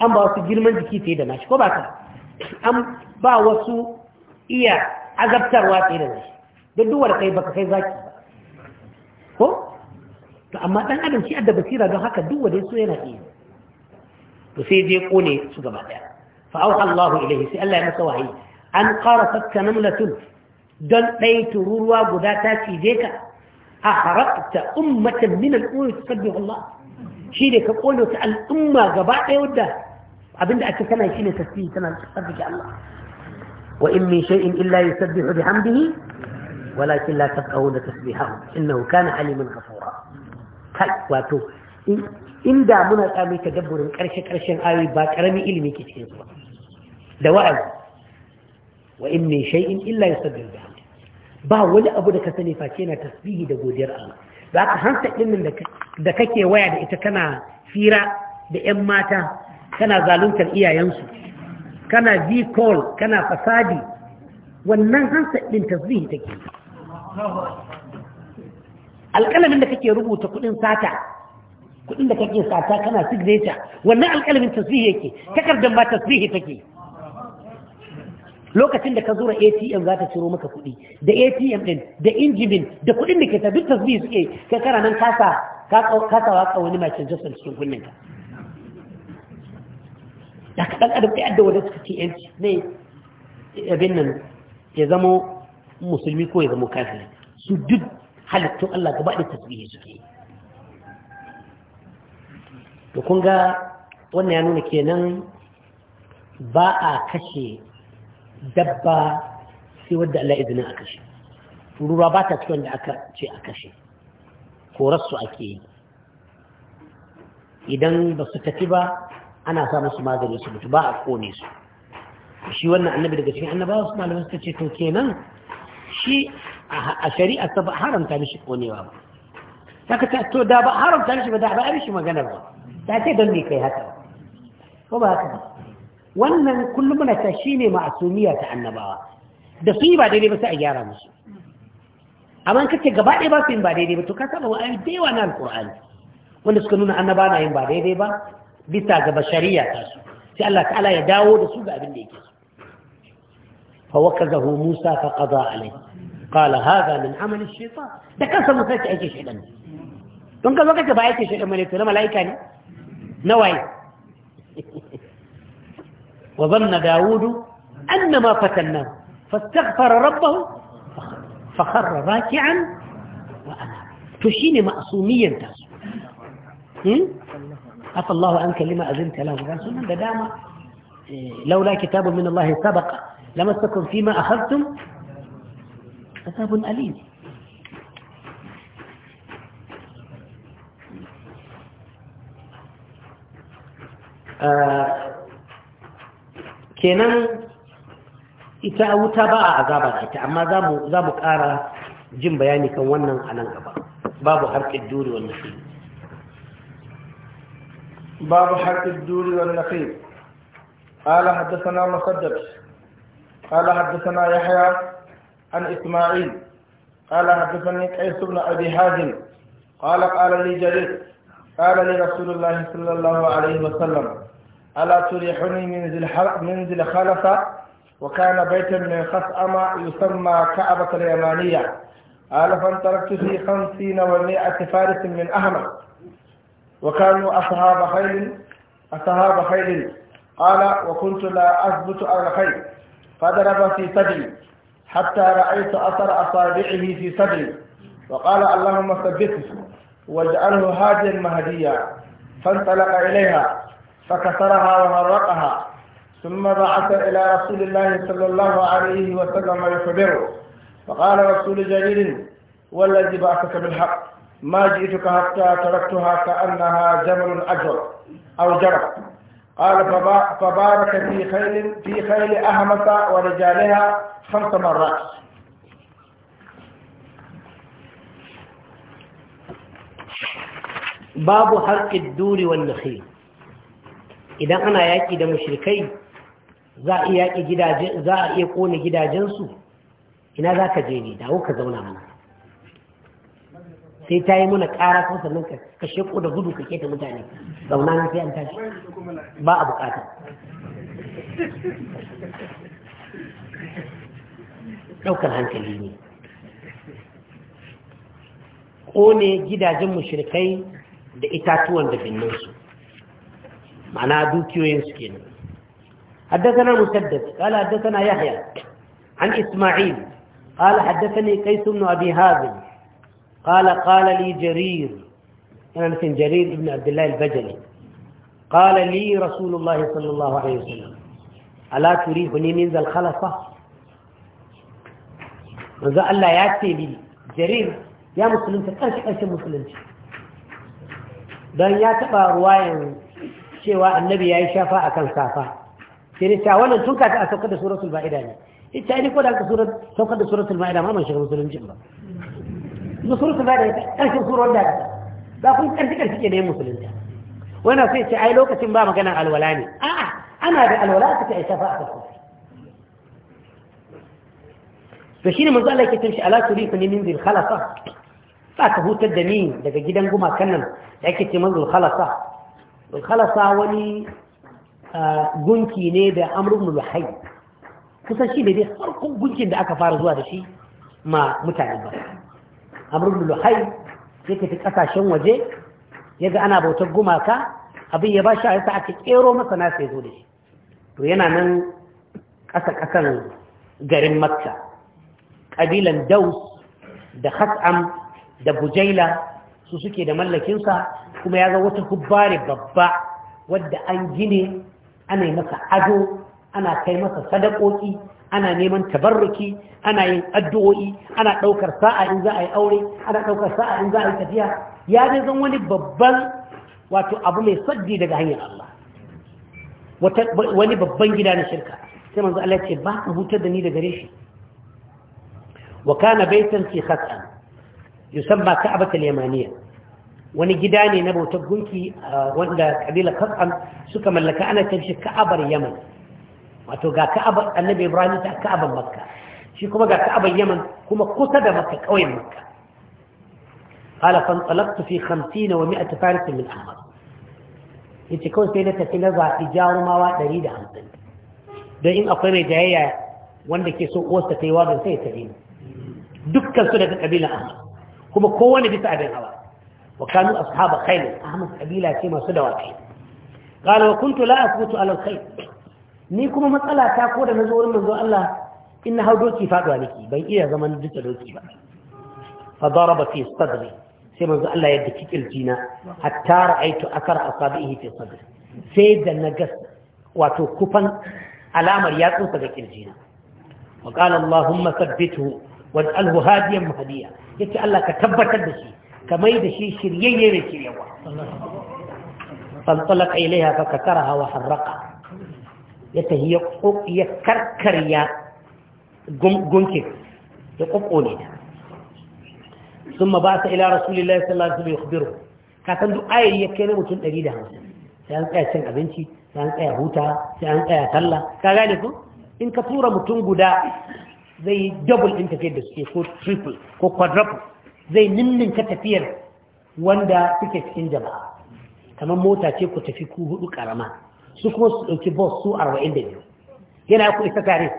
an ba wasu girman jiki ke da nashi ko ba ka an ba wasu iya azabtarwa ke da nashi duk duwar kai baka kai zaki ba ko to amma dan adam shi adda basira don haka duk wanda so yana iya to sai je kone su gaba daya fa auha Allah ilayhi sai Allah ya masa wahayi an qarasat kanamlatun dan dai tururuwa guda ta cije ka a harafta ummatan min al-ummi tusabbihu Allah shi ne ka kone ta al'umma gaba daya wadda abinda ake kana ne tasbihi tana tasbihi Allah wa in min shay'in illa yusabbihu bihamdihi ولكن لا تفقهون تسبيحه إنه كان عليما غفورا wato inda muna tsami ta dabburin ƙarshe-ƙarshen ayoyi ba ƙaramin ilimi ke cikin zuwa da wa'azi wa in min shay'in illa yusabbihu ba wani abu da ka sani face na tasbihi da godiyar Allah da aka hanta ɗin da kake waya da ita kana fira da 'yan mata kana zaluntar iyayensu kana v call kana fasadi wannan hansa ɗin tasbihi take alƙalamin da kake rubuta kuɗin sata kuɗin da kake sata kana signature wannan alƙalamin tasiri yake takardar ma tasiri take lokacin da ka zura ATM za ta ciro maka kuɗi da ATM ɗin da injimin da kuɗin da ke tabi tasbihi suke kai kana nan kasa kasa waka wani Michael jasar cikin kunnen ka da ka ɗan adam ɗaya da wanda suka ce yanci ne abin nan ya zamo musulmi ko ya zamo kafin su duk halittun Allah gaba da tasbihi suke to kun ga wannan ya nuna kenan ba a kashe dabba sai wadda Allah izinin a kashe ruruwa ba ta cikin da aka ce a kashe korarsu ake yi idan ba su tafi ba ana sa musu magani su mutu ba a kone su shi wannan annabi daga cikin annabawa su malamin suka ce to kenan shi a shari'a ta ba haramta mishi konewa ba saka ta to da ba haramta mishi ba da ba mishi magana ba ta ce don me kai haka ko ma'asumiya ta annabawa da su yi ba daidai ba sai a gyara musu amma kace gaba ɗaya ba su yin ba daidai ba to ka saba wa'ayi da na alƙur'ani wanda suka nuna annaba na yin ba daidai ba bisa ga bashariya ta su sai Allah ta'ala ya dawo da su ga abin da yake so fa wakazahu Musa fa qada alayhi قال هذا من عمل الشيطان ده كان سمو فيك أي شيء شعلا دون قال وقت بأي شيء شعلا مليك لما لا يكاني وظن داود أن ما فتنه فاستغفر ربه فخر راكعا وأنا تشيني مأصوميا تاسو عفى الله عنك لما أذنت له رسولا دا لولا كتاب من الله سبق لمستكم فيما أخذتم عذاب أليم kenan ita wuta ba a azaba da ita amma za mu ƙara jin bayani kan wannan a nan gaba babu harkar duri wannan fi babu harkar duri wannan fi قال حدثنا مصدق قال حدثنا يحيى عن إسماعيل قال حدثني قيس بن أبي حازم قال قال لي جرير قال لي رسول الله صلى الله عليه وسلم ألا تريحني من ذي من ذي الخلفة وكان بيتا من خصأمة يسمى كعبة اليمانية قال فانطلقت في خمسين ومائة فارس من أهمه وكانوا أصحاب خيل أصحاب خيل قال وكنت لا أثبت على الخيل فضرب في ثدي حتى رأيت أثر أصابعه في صدري وقال اللهم ثبته واجعله هاديا مهديا فانطلق إليها فكسرها وغرقها ثم بعث إلى رسول الله صلى الله عليه وسلم يخبره فقال رسول جليل والذي بعثك بالحق ما جئتك حتى تركتها كأنها جمل أجر أو جرب قال فبارك في خيل في خيل أهمس ورجالها خمس مرات babu harƙin duri wanda kai idan ana yaƙi da mashirkai za a iya ƙone gidajensu ina za ka je ni dawo ka zauna mana sai ta yi mana ƙara kan sannan ka sheko da gudu ka keta mutane zauna na sai an tashi ba a bukata ɗaukar hankali ne ƙone gidajen mushrikai da itatuwan da binnansu ma'ana dukiyoyinsu kenan حدثنا مسدد قال حدثنا يحيى عن إسماعيل قال حدثني قيس بن abi هازم قال قال لي جرير أنا مثل جرير بن عبد الله البجلي قال لي رسول الله صلى الله عليه وسلم ألا تريهني من ذا الخلفة Allah ya ce li jarir ya musulunta ƙarshe ƙarshen musulunci don ya taɓa ruwayan cewa annabi ya yi shafa a kan safa sai dai wannan tun kata a saukar da suratul ma'ida ne ita ne ko da aka saukar da suratul ma'ida ma man shiga musulunci ba nusur su zai ƙarshen surar da Ba ku ƙarfi ƙarfi ke da musulunta wani sai ce ai lokacin ba maganar alwala ne a'a ana da alwala suka aisha fa a kasu to shine manzo Allah yake shi ala turi ni min bil khalasa fa ka hutar da ni daga gidan gumakan nan da yake ce manzo khalasa bil khalasa wani gunki ne da amru ibn luhay kusan shi ne dai farkon gunkin da aka fara zuwa da shi ma mutane ba amr ibn luhay yake fi kasashen waje yaga ana bautar gumaka abin ya bashi a ake kero masa na sai zo da shi to yana nan ƙasa ƙasan garin makka ƙabilan daus da has'am da bujaila su suke da mallakinsa kuma ya ga wata hubbare babba wadda an gine ana yi masa ado ana kai masa sadakoki ana neman tabarruki ana yin addu'o'i ana ɗaukar sa'a in za a yi aure ana ɗaukar sa'a in za a yi tafiya ya ne zan wani babban wato abu mai saddi daga hanyar Allah wani babban gida na shirka sai manzo Allah ce ba ku hutar da ni da gare shi wa kana baitan fi khat'an yusamma ka'bat al-yamaniyya wani gida ne na bautar gunki wanda kabila khat'an suka mallaka ana tafi ka'abar yaman wato ga ka'aba annabi ibrahim ta ka'aban makka shi kuma ga ka'aban yaman kuma kusa da makka kauyen makka qala fa talaqtu fi 50 wa 100 faris min ahmar yace kawai sai na tafi na zaɓi jarumawa 150 don in akwai mai jayayya wanda ke so uwarsa ta yi wagon sai ta yi dukkan su daga ƙabilan ahmad kuma kowane bisa abin hawa wa kanu ashaba khayl ahmad kabila ce masu dawakai qala wa kuntu la asbutu ala al-khayl ni kuma matsala ta ko da na zo wurin manzo Allah in na hau doki faɗuwa nake ban iya zaman duka doki ba fa daraba fi sadri sai manzo Allah ya daki kirjina hatta ra'aitu akara asabihi fi sadri sai da na ga wato kufan alamar ya tsufa ga kirjina wa qala allahumma thabbithu waj'alhu hadiyan mahdiya yace Allah ka tabbatar da shi ka mai da shi shiryayye ne shiryawa fantalaka ka fa hawa wa ya tafi ya karkarya gunkin ya kokone da sun ma ba sa ila lai sallallahu alaihi wasallam yukhbiru duk ayi ya kai na mutum 150 sai an tsaya cin abinci sai an tsaya huta sai an tsaya talla. ka gane ku in ka tura mutum guda zai double din tafiyar da suke ko triple ko quadruple zai ka tafiyar wanda suke cikin jama'a kamar mota ce ku tafi ku hudu karama su kuma su ɗauki bus su arba'in da biyu yana ku isa tare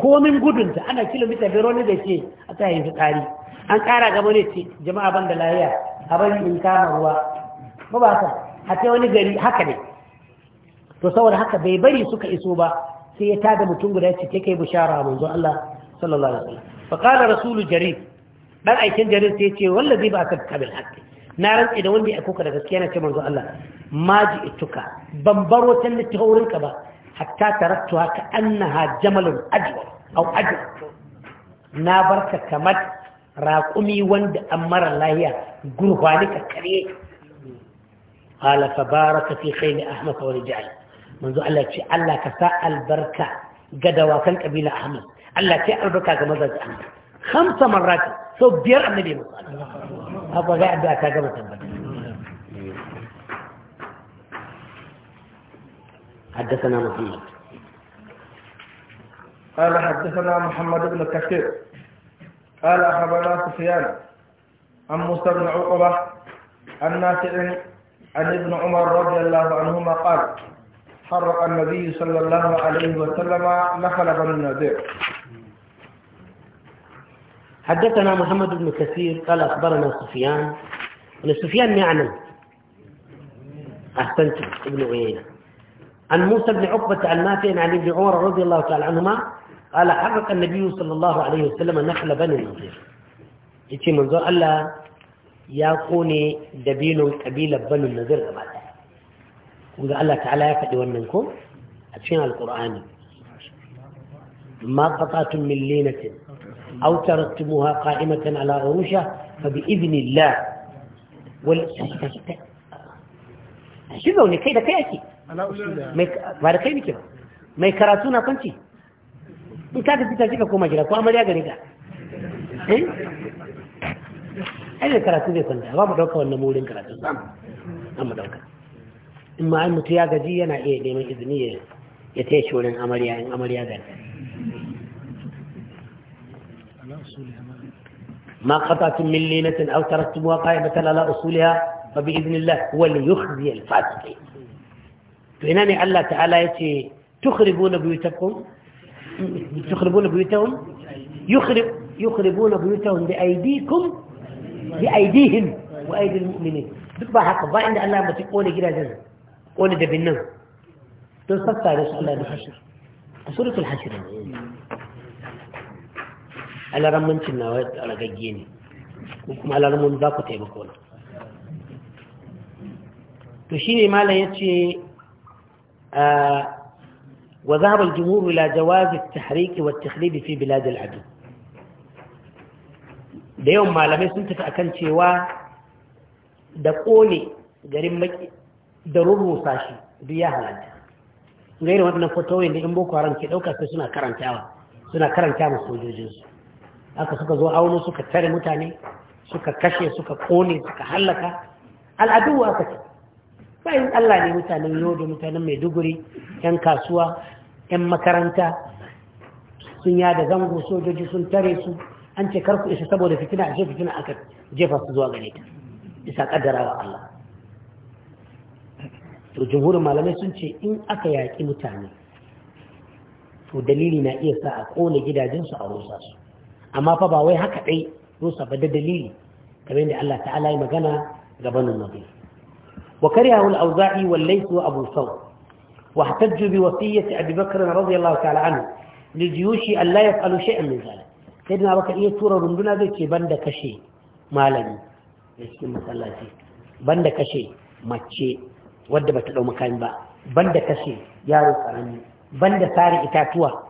komin gudunta ana kilomita biyar wani da ke a tsayin su tsari an ƙara ga ne ce jama'a ban da lahiya a bari in kama ruwa ba ba san a wani gari haka ne to saboda haka bai bari suka iso ba sai ya tada mutum guda ce kai bishara manzo Allah sallallahu alaihi wa sallam. fa qala rasulu jarir ɗan aikin jarir sai ya ce wallazi ba ka kabil haqqi na rantse da wanda ya aiko ka da gaskiya na ce manzo Allah Maji ituka ban bar wata littaurin ka ba hatta tarattu haka annaha jamalun ajwa au ajwa na barka kamar raƙumi wanda an mara lahiya gurfani ka kare qala tabaraka fi khayli ahmad wa rijal manzo Allah ce Allah ka sa albarka ga dawakan kabila ahmad Allah ce albarka ga mazaji ahmad khamsa marrat so biyar annabi musa haka za a da ta gaba حدثنا محمد قال حدثنا محمد بن كثير قال أخبرنا سفيان عن موسى بن عقبة عن نافع عن ابن عمر رضي الله عنهما قال حرق النبي صلى الله عليه وسلم نخل بن النذير حدثنا محمد بن كثير قال أخبرنا سفيان أن سفيان يعلم يعني أحسنت ابن عيينة عن موسى بن عقبة عن نافع عن ابن عمر رضي الله تعالى عنهما قال حرق النبي صلى الله عليه وسلم نخل بني النظير يتي منظور الله يا قوني دبين قبيلة بني النضير غباتا وإذا الله تعالى يفعل ومنكم أتفين القرآن ما قطعتم من لينة أو تركتموها قائمة على عروشها فبإذن الله وال... shi zaune kai da kai ake ba da kai nike ba mai karatu na kwanci in ka tafi tafi ka koma gida ko amarya gare ka eh ai karatu zai kwanta ba mu dauka wannan murin karatu sam an mu in ma ya gaji yana iya neman izini ya taya shi wurin amarya in ما قطعتم من لينة أو تركتموها قائمة على أصولها فبإذن الله وليخزي الفاسقين فإنني الله تعالى يتي تخربون بيوتكم تخربون بيوتهم يخرب يخربون بيوتهم بأيديكم بأيديهم وأيدي المؤمنين دبا حق با عند الله ما تقول كده جزء قول ده بالنم على رسول الله الحشر سورة الحشر alarammancin na ragagge ne ko kuma alarammun za ku taimako na to shi ne malam ya ce wa zahabar jimuru la jawazi tahriki wa tahribi fi biladil adu da yawan malamai sun tafi akan cewa da kone garin maki da rurrusa shi duk ya halatta gairin waɗannan fotowin da in boko haram ke ɗauka sai suna karantawa suna karanta masu sojojinsu aka suka zo auno suka tare mutane suka kashe suka kone suka hallaka al'adu aka ce bayan Allah ne mutanen yodo da mutanen maiduguri yan kasuwa yan makaranta sun yada zango sojoji sun tare su an ce karku isa saboda fitina a fitina aka jefa su zuwa gare ta isa kaddara wa Allah to jumhurin malamai sun ce in aka yaki mutane to dalili na iya sa a kone gidajensu a rusa su amma fa ba wai haka ɗai rusa ba da dalili kamar yadda Allah ta'ala yi magana ga banin nabi wa karyahu auzai awzai su abu saw wa ihtajju bi wasiyyati abi bakr radiyallahu ta'ala anhu li jiyushi an la yaf'alu shay'an min zalik sayyidina bakar iya tura runduna zai ke banda kashe malami da cikin masallaci banda kashe mace wadda bata dau makami ba banda kashe yaro karami banda sare itatuwa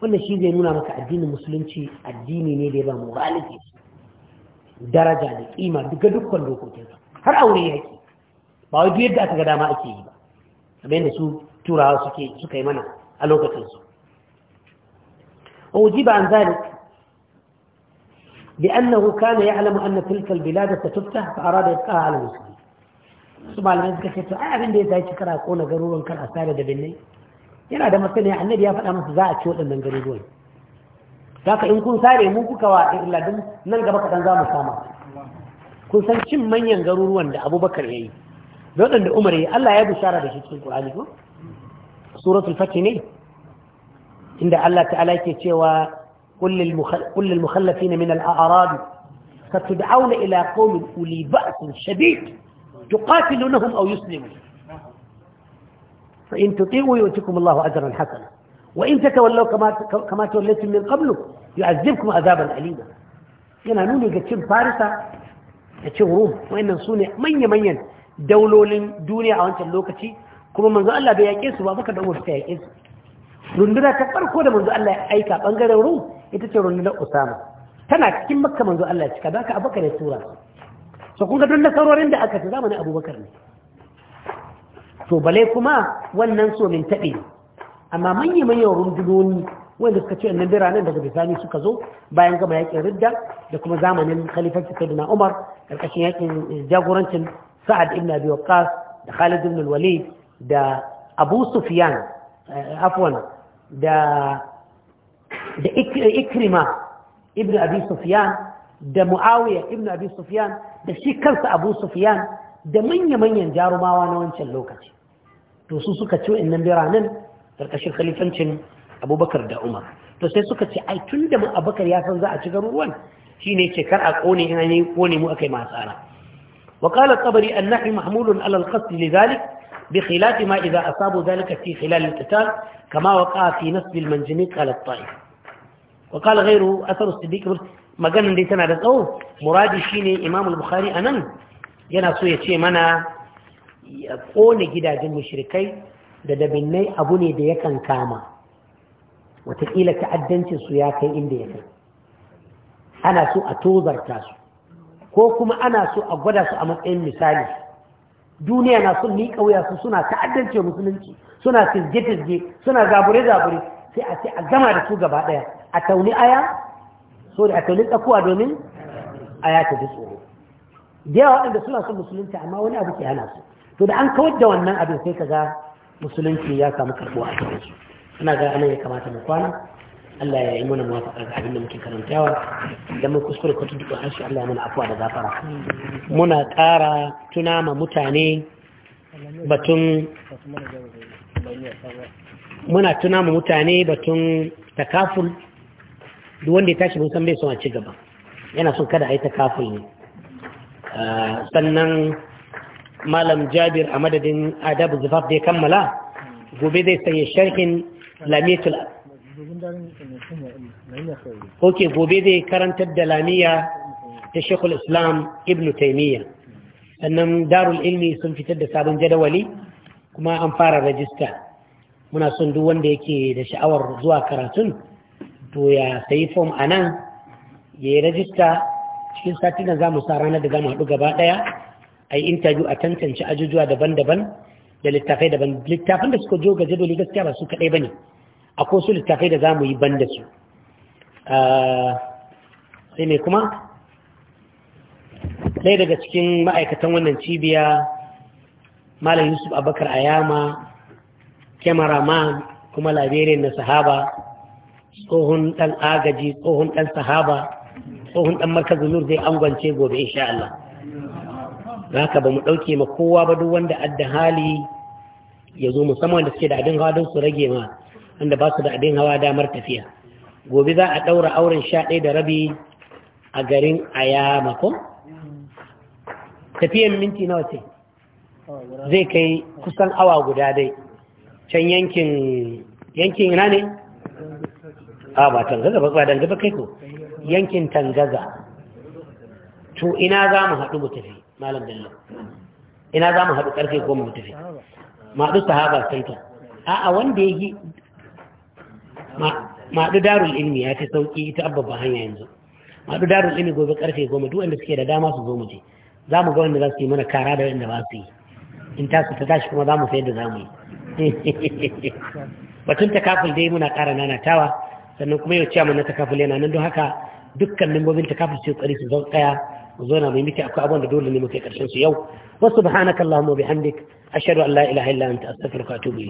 wannan shi zai nuna maka addinin musulunci addini ne da ya ba mu galibi daraja da kima duka dukkan dokokinsa har aure yake ba wai duk yadda aka ga dama ake yi ba kamar yadda su turawa suke suka yi mana a lokacinsu وأجيب عن ذلك لأنه كان يعلم أن تلك البلاد ستفتح suka ce على "Abin da ya ذلك كنت أعلم أن يتعيش كرا أكون قروبا da binne." yana da masaniya annabi ya faɗa masa za a ci waɗannan garuruwan haka in kun sare mu kuka wa irladin nan gaba kadan za mu sama kun san cin manyan garuruwan da abubakar ya yi da waɗanda umar ya allah ya bishara da shi cikin qur'ani ko suratul fati ne inda allah ta'ala yake cewa kullu kullul mukhallafin min al a'rab satud'auna ila qawmin uli ba'sin shadid tuqatilunhum aw yuslimun فإن تطيعوا يؤتكم الله أجرا حسنا وإن تتولوا كما كما توليتم من قبل يعذبكم عذابا أليما yana nuni ga cin farisa da cin rum wa'annan su ne manya-manyan daulolin duniya a wancan lokaci kuma manzo Allah bai yaƙe su ba baka da umar farko ya bangaren ita ce tana cikin makka manzo Allah ya cika da aka abubakar ya tura su kun ga duk nasarorin da aka ci zamanin abubakar ne to bale kuma wannan so min tabe amma manyan manyan rundunoni wanda suka ce annan biranen daga bisani suka zo bayan gama yakin ridda da kuma zamanin khalifatu sayyidina umar karkashin yakin jagorancin sa'ad ibn abi waqqas da khalid ibn al walid da abu sufyan afwan da da ikrima ibn abi sufyan da muawiya ibn abi sufyan da shi kansa abu sufyan da manyan manyan jarumawa na wancan lokaci to su suka ci wa'annan biranen karkashin khalifancin abubakar da umar to sai suka ce ai tun da abubakar ya san za a ci garuruwan shine ce kar a kone ina an yi mu akai masu ara wa tsabari qabri annahi mahmulun alal al li zalik bi khilaf ma idha asabu dhalika fi khilal al-qital kama waqa fi nasb al-manjaniq ala al-ta'if wa qala ghayru athar as-siddiq dai tana da tsawo muradi shine imam al-bukhari anan yana so ya ce mana ya kone gidajen mushrikai da dabinnai abu ne da yakan kama watakila ta'addancin su ya kai inda ya kai ana so a tozarta su ko kuma ana so a gwada su a matsayin misali duniya na son ni kauya su suna ta'addance musulunci suna firge suna zabure-zabure sai a ce a gama da su gaba daya a tauni aya so da a tauni tsakuwa domin aya ta ji tsoro da yawa waɗanda suna son musulunci amma wani abu ke hana su to da an kawar da wannan abin sai ka ga musulunci ya samu karbuwa a cikin su ina ga anan ya kamata mu kwana Allah ya yi mana muwafaka ga abin da muke karantawa idan mun kuskure ko tudu harshe Allah ya mana afuwa da gafara muna ƙara tuna ma mutane batun muna tuna ma mutane batun takaful duk wanda ya tashi mun san bai son a ci gaba yana son kada a yi takaful ne ah, sannan malam jabir a madadin adabu zufaf da ya kammala gobe zai saye sharhin lamitul ok gobe zai karantar da lamiya ta shekul islam ibn taimiyya sannan darul ilmi sun fitar da sabon jadawali kuma an fara rajista muna son duk wanda yake da sha'awar zuwa karatun to ya sayi fom a nan ya yi rajista cikin sati na za mu sa ranar da za mu haɗu gaba ɗaya a yi intaju a tantance ajujuwa daban-daban da littafai daban Littafin da suka jo ga jadoli gaskiya ba su kaɗai ba ne akwai su littafai da za mu yi ban da su ah, sai mai kuma ɗaya daga cikin ma'aikatan wannan cibiya malam yusuf abakar ayama kyamaraman kuma laberian na sahaba tsohon ɗan agaji tsohon ɗan sahaba tsohon ɗan markazin nur zai angwance gobe insha Allah da haka ba mu ɗauke ma kowa ba duk wanda adda hali ya zo musamman da suke da abin hawa don su rage ma wanda ba su da abin hawa damar tafiya gobe za a ɗaura auren sha ɗaya da rabi a garin ayama ko tafiyan minti nawa ce zai kai kusan awa guda dai can yankin yankin ina ne a ba tangaza ba ba dangaba kai ko yankin tangaza to ina za mu haɗu mu tafi malam bello ina za mu haɗu ƙarfe goma mu tafi maɗu sahaba saita a'a wanda ya yi maɗu darul ilmi ya fi sauƙi ita abba hanya yanzu maɗu darul ilmi gobe ƙarfe goma duk wanda suke da dama su zo mu je za mu ga wanda za su yi mana kara da wanda ba su yi in ta su ta tashi kuma za mu sayar da za mu yi batun kafin dai muna ƙara nanatawa sannan kuma yau ciyaman na kafin yana nan don haka dukkan membobin takaful su yi ƙari su zo tsaya mu na mai miki akwai abin da dole ne mu kai su yau wa subhanakallahumma bihamdik ashhadu an la ilaha illa anta astaghfiruka wa atubu